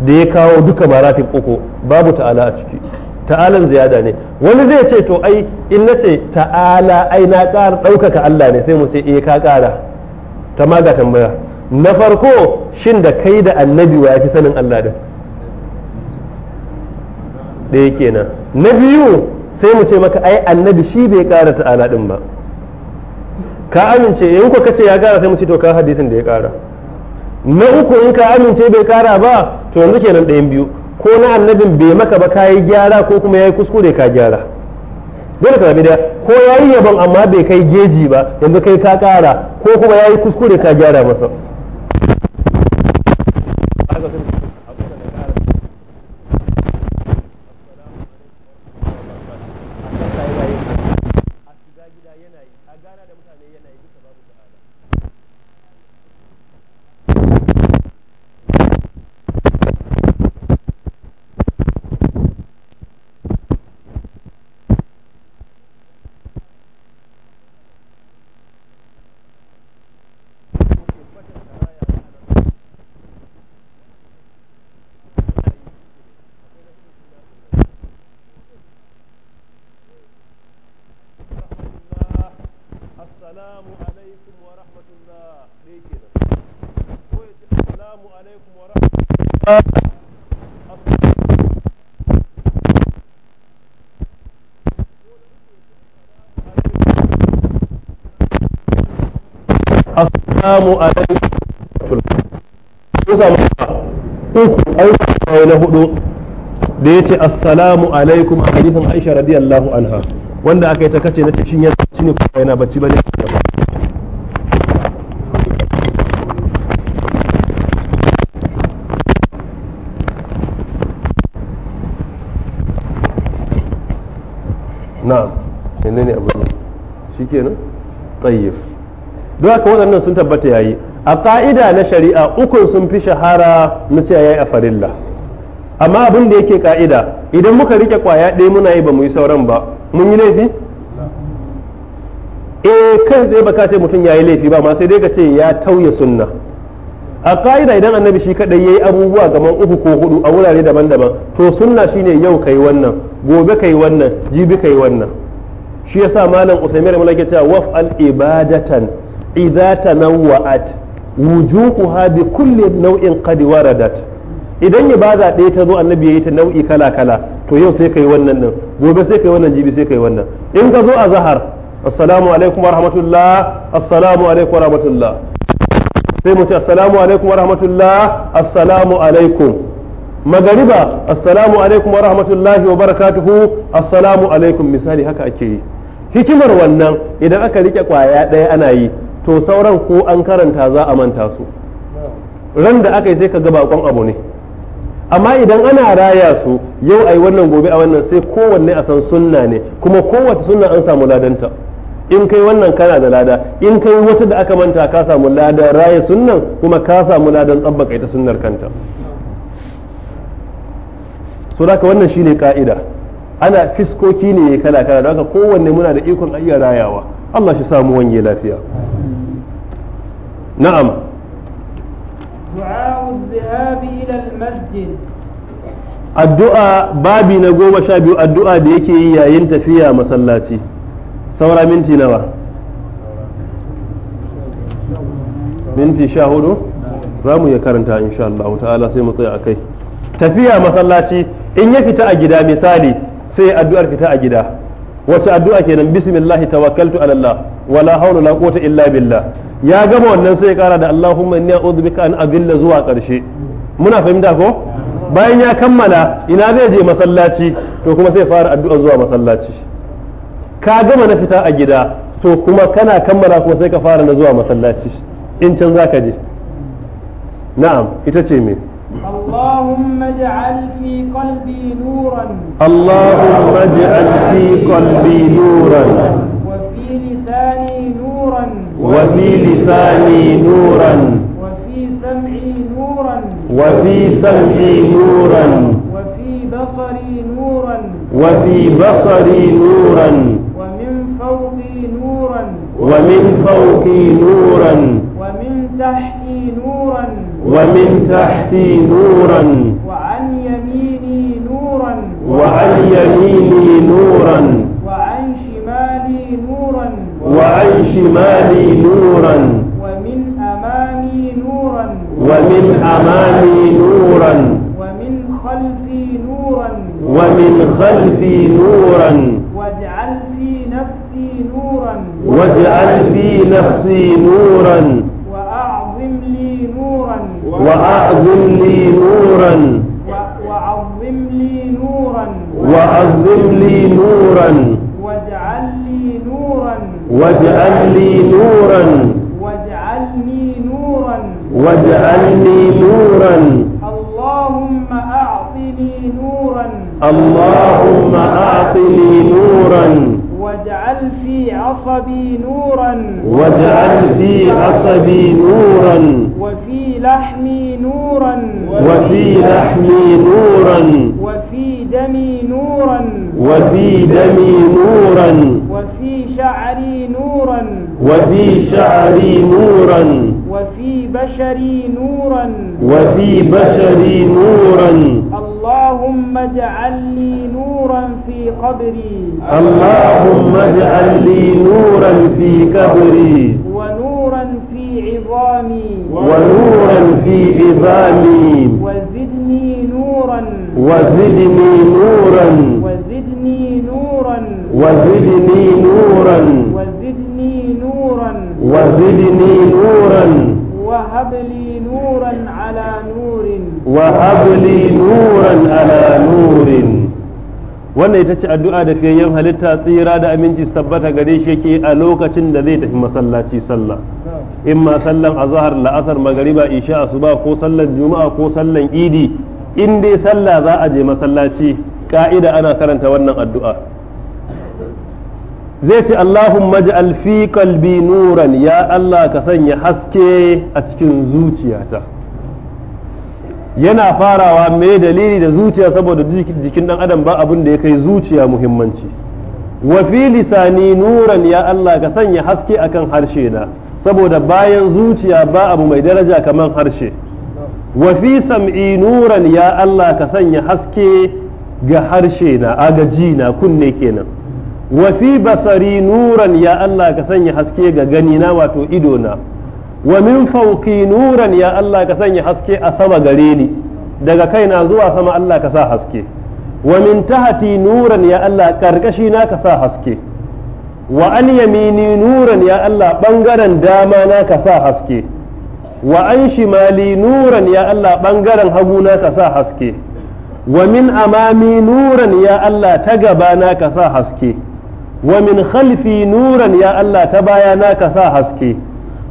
da ya kawo duka maratib uku babu ta'ala a ciki ta'alan ziyada ne wani zai ce to ai in na ce ta'ala ai na ƙara ɗaukaka Allah ne sai mu ce eh ka ƙara ta maga tambaya na farko shin da kai da annabi wa ya fi sanin Allah din ɗaya kenan na biyu sai mu ce maka ai annabi shi bai kara ta'ala din ba ka amince in ku kace ya kara sai mu ce to ka hadisin da ya kara na uku in ka amince bai kara ba to yanzu kenan ɗayan biyu ko na annabin bai maka ba kai gyara ko kuma yayi kuskure ka gyara dole ka da ko yayi yabon amma bai kai geji ba yanzu kai ka kara ko kuma yayi kuskure ka gyara masa samu a uku na hudu da ya ce assalamu alaikum a hadisin aisha radiyallahu anha wanda aka yi ta kace na ce shin yana ne kuma yana bacci menene abu ne shikenan tayyib don haka waɗannan sun tabbata yayi a ka'ida na shari'a ukun sun fi shahara na cewa yayi a farilla amma abin da yake ka'ida idan muka rike kwaya ɗaya muna yi ba mu yi sauran ba mun yi laifi e kai zai baka ce mutum ya yi laifi ba ma sai dai ka ce ya tauye sunna a ka'ida idan annabi shi kaɗai ya yi abubuwa gaman uku ko hudu a wurare daban-daban to sunna shine yau kai wannan gobe kai wannan jibi kai wannan shi yasa malam Uthaymeen rahimahullah yake cewa al ibadatan idza tanawwa'at wujuhuha bi kulli nau'in qad waradat idan ibada ɗaya ta zo annabi yayi ta nau'i kala kala to yau sai kai wannan din gobe sai kai wannan jibi sai kai wannan in ka zo a zahar assalamu alaikum wa rahmatullah assalamu alaikum wa rahmatullah sai mu ce assalamu alaikum wa rahmatullah assalamu alaikum magariba assalamu alaikum wa rahmatullahi wa barakatuhu assalamu alaikum misali haka ake yi hikimar wannan idan aka rike kwaya ɗaya ana yi to sauran ko an karanta za a manta su ran da aka yi sai ka ga bakon abu ne amma idan ana raya su yau ai wannan gobe a wannan sai kowanne a san sunna ne kuma kowace sunna an samu ladanta in kai wannan kana da lada in kai wata da aka manta ka samu ladan raya sunnan kuma ka samu ladan tsabbaka ita sunnar kanta so haka wannan shine ka'ida ana fiskoki ne kala kala don haka kowanne muna da ikon iya rayawa Allah shi samu wanye lafiya na'am addu'a babi na goma sha biyu addu'a da yake yi yayin tafiya masallaci saura minti nawa minti sha hudu za mu iya karanta insha Allah ta'ala sai mu tsaya a kai tafiya masallaci in ya fita a gida misali sai addu'ar fita a gida wace addu'a kenan bismillahi tawakkaltu ala Allah wala hawla la quwwata illa billah ya gama wannan sai ya kara da Allahumma inni a'udhu bika an adilla zuwa karshe muna fahimta ko bayan ya kammala ina zai je masallaci to kuma sai fara addu'a zuwa masallaci ka gama na fita a gida to kuma kana kammala kuma sai ka fara na zuwa masallaci in can zaka je na'am ita ce me اللهم اجعل في قلبي نورا اللهم اجعل في قلبي نورا وفي لساني نورا وفي لساني نورا وفي سمعي نورا وفي سمعي نورا وفي بصري نورا وفي بصري نورا ومن فوقي نورا ومن فوقي نورا ومن تحتي نورا ومن تحتي نورا وعن يميني نورا وعن يميني نورا وعن شمالي نورا وعن شمالي نورا ومن أمامي نورا ومن أمامي نورا ومن خلفي نورا ومن خلفي نورا واجعل في نفسي نورا واجعل في نفسي نورا وأعظم لي نورا وأعظم لي نورا وأعظم لي نورا واجعل لي نورا واجعل لي نورا واجعلني نورا واجعلني نورا اللهم أعطني نورا اللهم أعطني نورا واجعل في عصبي نورا واجعل في عصبي نورا وفي لحمي نورا وفي لحمي نورا وفي دمي نورا وفي دمي نورا وفي شعري نورا وفي شعري نورا وفي بشري نورا وفي بشري نورا اللهم اجعل لي نورا في قبري اللهم اجعل لي نورا في قبري ونورا في عظامي ونورا في عظامي وزدني نورا وزدني نورا وزدني نورا وزدني نورا وزدني نورا وزدني نورا وهب لي نورا على نور وهب لي نورا على نور wannan ita ce addu'a da fiyayyen halitta tsira da aminci su tabbata gare shi yake a lokacin da zai tafi masallaci sallah in ma sallan azhar la'asar magariba isha asuba ko sallan juma'a ko sallan idi in dai sallah za a je masallaci ka'ida ana karanta wannan addu'a zai ce Allahumma maji fi qalbi nuran ya Allah ka sanya haske a cikin zuciyata yana farawa mai dalili da zuciya saboda jikin dan adam ba abin da ya kai zuciya muhimmanci wa fi lisani nuran ya Allah ka sanya haske akan harshe na saboda bayan zuciya ba abu mai daraja kamar harshe wa fi sam'i nuran ya Allah ka sanya haske ga harshe na agaji na kunne kenan wa fi basari nuran ya Allah ka sanya haske ga gani na wato ido na wa min fawqi nuran ya Allah ka sanya haske a sama gare ni daga kaina zuwa sama Allah ka sa haske wa min tahati nuran ya Allah karkashi na ka sa haske wa an yamini nuran ya Allah bangaren dama na ka sa haske wa an shimali nuran ya Allah bangaren hagu na ka sa haske wa min amami nuran ya Allah ta gaba na ka sa haske wa min khalfi nuran ya Allah ta baya na ka sa haske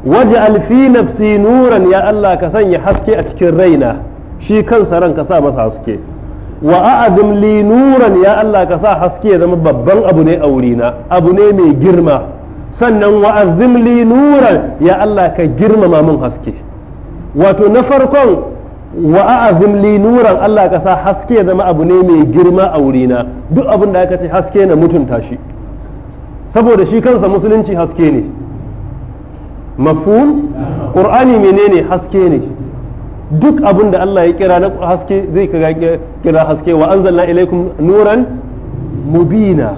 waje alfi nafsi nuran ya Allah ka sanya haske a cikin raina shi kansa ran ka sa masa haske wa a'adim li nuran ya Allah ka sa haske ya zama babban abu ne a wurina abu ne mai girma sannan wa azim li nuran ya Allah ka girmama mun haske wato na farkon wa a'azim li nuran Allah ka sa haske ya zama abu ne mai girma a wurina duk abin da aka ce haske na mutunta shi saboda shi kansa musulunci haske ne mafhum qur'ani menene haske ne duk abin da Allah ya kira na haske zai kaga kira haske wa anzalna ilaikum nuran mubina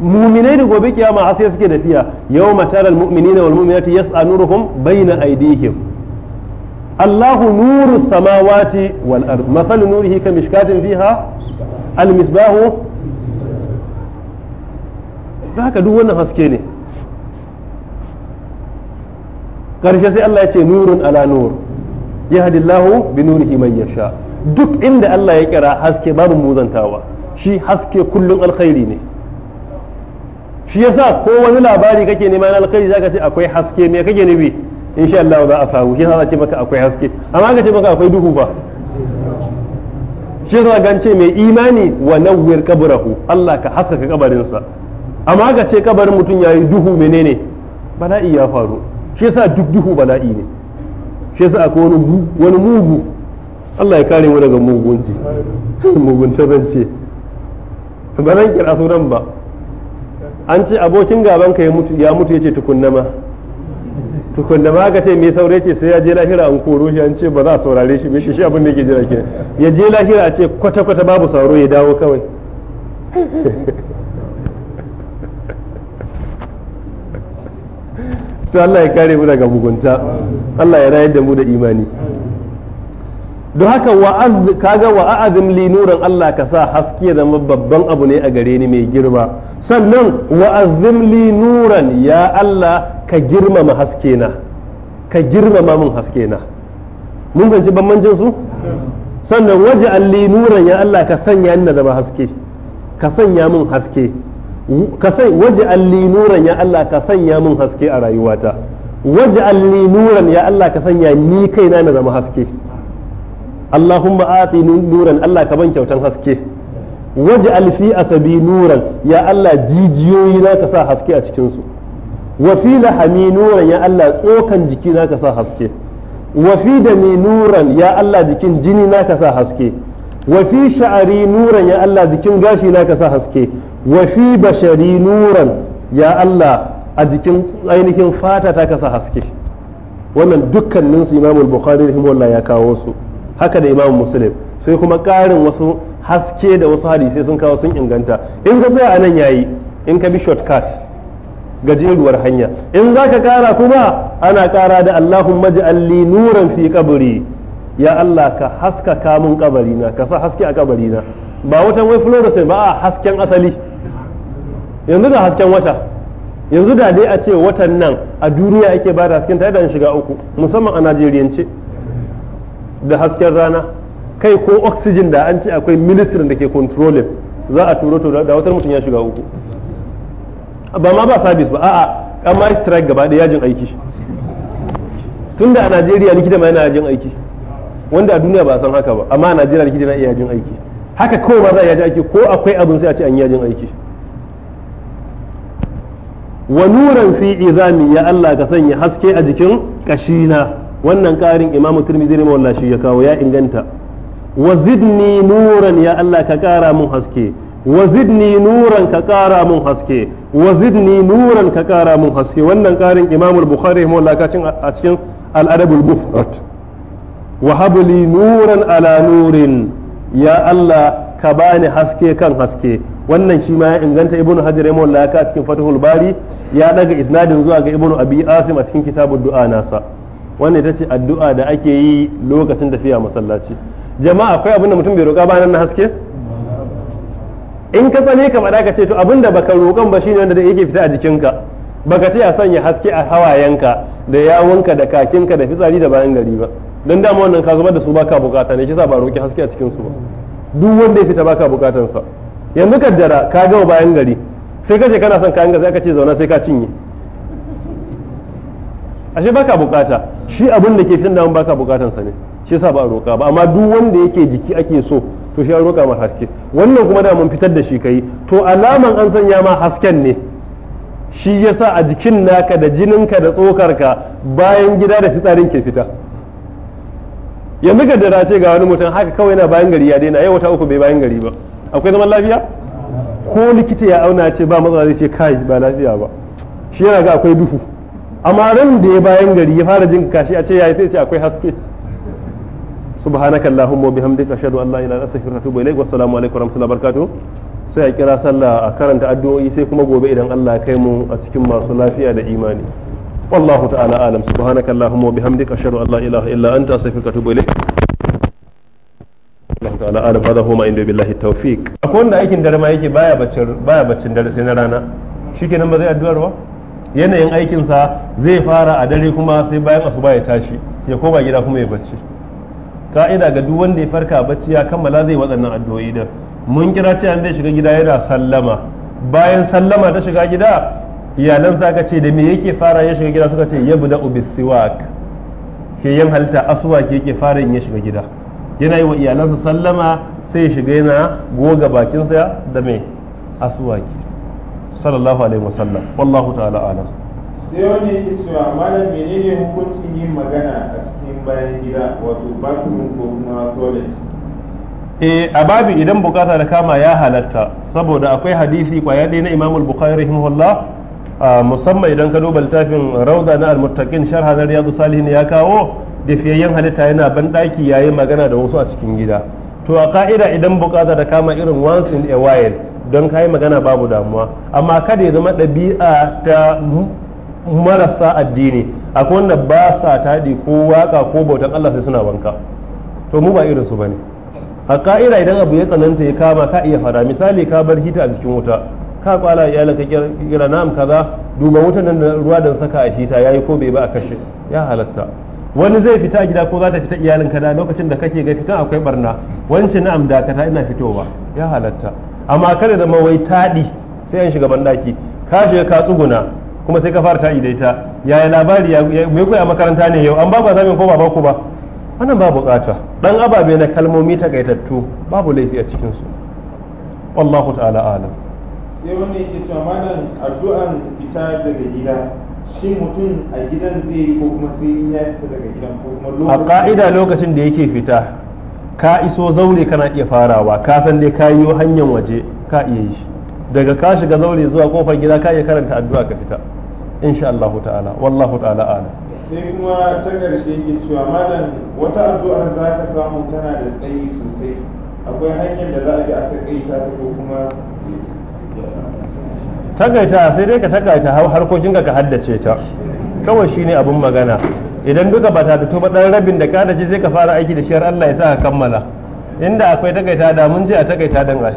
muminai da gobe kiyama haske suke tafiya yawma taral mu'minina wal mu'minati yas'a nuruhum bayna aydihim الله نور السماوات والأرض مثل نوره كمشكاة فيها المصباح haka duk wannan haske ne karshe sai Allah ya ce nurun ala nur ya Allah bi nurihi man yasha duk inda Allah ya kira haske babu muzantawa shi haske kullun alkhairi ne shi yasa ko wani labari kake nema na alkhairi zaka ce akwai haske me kake nufi insha Allah za a samu shi yasa ce maka akwai haske amma ka ce maka akwai duhu ba shi yasa gance mai imani wa nawwir qabrahu Allah ka haskaka kabarinsa amma ka ce kabarin mutum yayi duhu menene bala'i ya faru shi yasa duk duhu bala'i ne shi yasa akwai wani wani mugu Allah ya kare mu daga mugunci mugunta ce ba zan kira sunan ba an ce abokin gaban ka ya mutu yace tukunna ma tukunna ma aka ce me saurayi ce sai ya je lahira an koro shi an ce ba za a saurare shi mishi shi abin da yake jira ke ya je lahira a ce kwata kwata babu sauro ya dawo kawai to Allah ya kare mu daga mugunta Allah ya rayar da mu da imani don haka kaga wa a'azim li nuran Allah ka sa haske ya zama babban abu ne a gare ni mai girma sannan wa azim li nuran ya Allah ka girmama haske na ka girmama mun haske na mun ganci bambancin su sannan waje li nuran ya Allah ka sanya ni na zama haske ka sanya mun haske ka sai waje alli nuran ya Allah ka sanya mun haske a rayuwata waje alli nuran ya Allah ka sanya ni kaina na zama haske Allahumma ati nuran Allah ka ban kyautan haske waje alfi asabi nuran ya Allah jijiyoyi na ka sa haske a cikin su wa fi lahami nuran ya Allah tsokan jiki na ka sa haske wa fi dami nuran ya Allah jikin jini na ka sa haske wa fi sha'ari nuran ya Allah jikin gashi na ka sa haske wa fi bashari nuran ya Allah a jikin ainihin fata ta kasa haske wannan dukkanin su imamul bukhari rahimahullah ya kawo su haka da imamu muslim sai kuma karin wasu haske da wasu hadisai sun kawo sun inganta in ka tsaya anan nan yayi in ka bi shortcut gajeruwar hanya in za ka kara kuma ana kara da allahumma alli nuran fi kabari ya allah ka haskaka mun kabari na ka sa haske a kabari na ba wata wai fluorescent ba a hasken asali yanzu da hasken wata yanzu da dai a ce watan nan a duniya ake ba da hasken tare da shiga uku musamman a najeriyance da hasken rana kai ko oxygen da an ce akwai ministrin da ke controlling za a turo turo da watan mutum ya shiga uku ba ma ba sabis ba a'a an ma strike gaba da yajin aiki tun da a najeriya likita ma yana yajin aiki wanda a duniya ba san haka ba amma a najeriya likita na iya yajin aiki haka kawai ba za a yajin aiki ko akwai abin sai a ce an yajin aiki wa nuran fi izami ya Allah ka sanya haske a jikin kashina wannan karin imamu tirmidhi rahimahullah shi ya kawo ya inganta wa zidni nuran ya Allah ka kara mun haske wa zidni nuran ka kara mun haske wa zidni nuran ka kara mun haske wannan karin imamu bukhari rahimahullah ka cin a cikin al-adabul mufrad wa habli nuran ala nurin ya Allah ka bani haske kan haske wannan shi ma ya inganta ibnu hajar ya ka cikin fatahul bari ya daga isnadin zuwa ga ibnu abi asim a cikin kitabun du'a nasa wanda ita ce addu'a da ake yi lokacin tafiya masallaci jama'a akwai abin da mutum bai roƙa ba nan na haske in ka tsane ka faɗa ka ce to abin da baka roƙan ba shine wanda da yake fita a jikinka baka ce ya sanya haske a hawayenka da yawunka da kakinka da fitsari da bayan gari ba don dama wannan ka zubar da su baka bukata ne kisa ba roƙi haske a cikin su ba duk wanda ya fita baka bukatan yanzu kaddara ka gama bayan gari sai kace kana son kayan gaza ka ce zauna sai ka cinye ashe baka bukata shi abin da ke fin da baka bukatan sa ne shi yasa ba a roka ba amma duk wanda yake jiki ake so to shi a roka ma haske wannan kuma da mun fitar da shi kai to alaman an sanya ma hasken ne shi yasa a jikin naka da jininka da tsokarka bayan gida da fitsarin ke fita yanzu ga dara ce ga wani mutum haka kawai na bayan gari ya daina yau wata uku bai bayan gari ba akwai zaman lafiya ko likita ya auna ce ba matsala zai ce kai ba lafiya ba shi yana ga akwai duhu amma ran da ya bayan gari ya fara jin kashi a ce yayi sai ce akwai haske subhanaka allahumma bihamdika ashhadu an la ilaha illa anta astaghfiruka wa atubu ilaik wa rahmatullahi wa barakatuh sai a kira sallah a karanta addu'o'i sai kuma gobe idan Allah ya kai mu a cikin masu lafiya da imani wallahu ta'ala alam subhanaka allahumma wa bihamdika ashhadu an la ilaha illa anta astaghfiruka wa atubu ilaik Allah ta'ala huma inda billahi tawfiq akwai aikin dare ma yake baya baya na rana shikenan ba zai addu'ar ba yanayin aikin sa zai fara a dare kuma sai bayan asuba ya tashi ya koma gida kuma ya bacci ka'ida ga duk wanda ya farka bacci ya kammala zai waɗannan addu'o'i da mun kira ce an bai shiga gida yana sallama bayan sallama ta shiga gida iyalan sa ka ce da me yake fara ya shiga gida suka ce yabda ubisiwak ke yin halitta ke yake fara in ya shiga gida yana yi wa iyalansa sallama sai ya shiga yana goga bakinsa da mai asuwaki sallallahu alaihi wasallam wallahu ta'ala alam sai wani yake cewa malam menene hukuncin yin magana a cikin bayan gida wato bathroom ko kuma toilet eh a babin idan bukata da kama ya halatta saboda akwai hadisi kwaya ɗaya na Imam al-Bukhari rahimahullah ah, musamman idan ka duba littafin rauza na al-Muttaqin sharha na Riyadu Salihin ya kawo da fiyayyen halitta yana ban ɗaki yayi magana da wasu a cikin gida to a ka'ida idan bukata da kama irin once in a while don kayi magana babu damuwa amma kada ya zama ɗabi'a ta marasa addini akwai wanda ba sa taɗi ko waka ko bautan Allah sai suna wanka to mu ba irin su bane a ka'ida idan abu ya tsananta ya kama ka iya fada misali ka bar hita a cikin wuta ka kwala iyalin ka kira na'am kaza duba wutan nan da ruwa dan saka a hita yayi ko bai ba a kashe ya halatta wani zai fita a gida ko za ta fita iyalin kada lokacin da kake ga fitan akwai barna wancin na dakata ina fitowa ya halatta amma kada zama wai taɗi sai an shiga bandaki ka shiga ka tsuguna kuma sai ka fara taɗi da ita yaya labari ya mai koya makaranta ne yau an ba ba zamin ko ba ku ba wannan ba bukata ɗan ababe na kalmomi takaitattu babu laifi a cikin su wallahu ta'ala alam sai wanda yake cewa malam addu'an fita daga gida shi mutum a gidan zai ko kuma sai ya fita daga gidan ko a ka'ida lokacin da yake fita ka iso zaure kana iya farawa ka san dai ka yi hanyar waje ka iya yi shi daga ka shiga zaure zuwa kofar gida ka iya karanta addu'a ka fita sha Allah ta'ala wallahu ta'ala ala sai kuma ta karshe yake cewa malam wata addu'a za ka samu tana da tsayi sosai akwai hanyar da za a bi a takaita ta ko kuma tagaita sai dai ka tagaita harkokin ka ka haddace ta kawai shine abin magana idan duka ba ta fito ba dan rabin da ka sai ka fara aiki da shiyar Allah ya sa ka kammala inda akwai tagaita da mun je a tagaita dan ai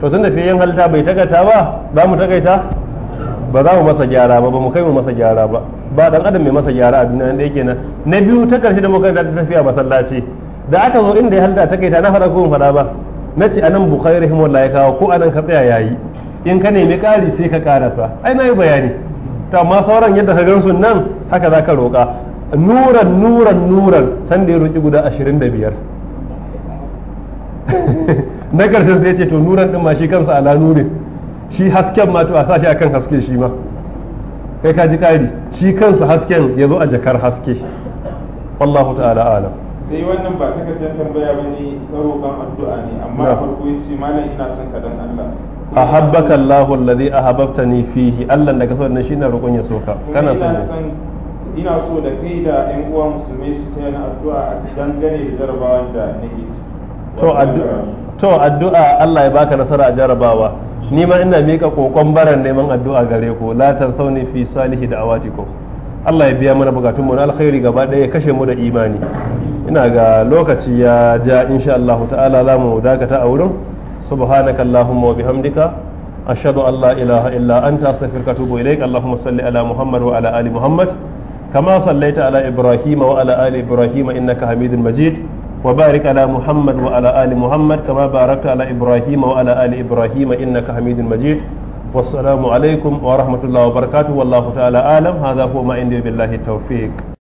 to tunda fiyen halta bai tagaita ba ba mu tagaita ba za mu masa gyara ba ba mu kai mu masa gyara ba ba dan adam mai masa gyara a duniya da yake nan na biyu ta karshe da muka da tafiya masallaci da aka zo inda ya halta tagaita na fara ko mun fara ba ce anan bukhari rahimahullah ya kawo ko anan ka tsaya yayi in ka nemi ƙari sai ka ƙarasa ai na yi bayani ta amma sauran yadda ka su nan haka za ka roƙa nuran nuran nuran sanda ya roƙi guda ashirin da biyar na ƙarshen sai ce to nuran ɗin ma shi kansa ala nurin shi hasken ma to a sashi akan haske shi ma kai ka ji ƙari shi kansa hasken ya zo a jakar haske wallahu ta'ala alam sai wannan ba takardar tambaya ba ne ta roƙon addu'a ne amma a farko ya ce malam ina son ka dan Allah ahabbaka Allahu alladhi ahabbtani fihi Allah da kaso nan shine roƙon ya soka kana so ina so da kai da ƴan uwa musulmai su ta yana addu'a gidan gare da jarabawan da nake to addu'a to addu'a Allah ya baka nasara a jarabawa ni ma ina mika kokon baran neman addu'a gare ku la sauni fi salihi da awatikum Allah ya biya mana bukatun mu na alkhairi gaba ɗaya ya kashe mu da imani ina ga lokaci ya ja insha Allah ta'ala za mu dakata a wurin subhanaka allahumma wa bihamdika ashhadu an la ilaha illa anta astaghfiruka wa atubu ilaik allahumma salli ala muhammad wa ala ali muhammad كما صليت على إبراهيم وعلى آل إبراهيم إنك حميد مجيد وبارك على محمد وعلى آل محمد كما باركت على إبراهيم وعلى آل إبراهيم إنك حميد مجيد والسلام عليكم ورحمة الله وبركاته والله تعالى أعلم هذا هو ما عندي بالله التوفيق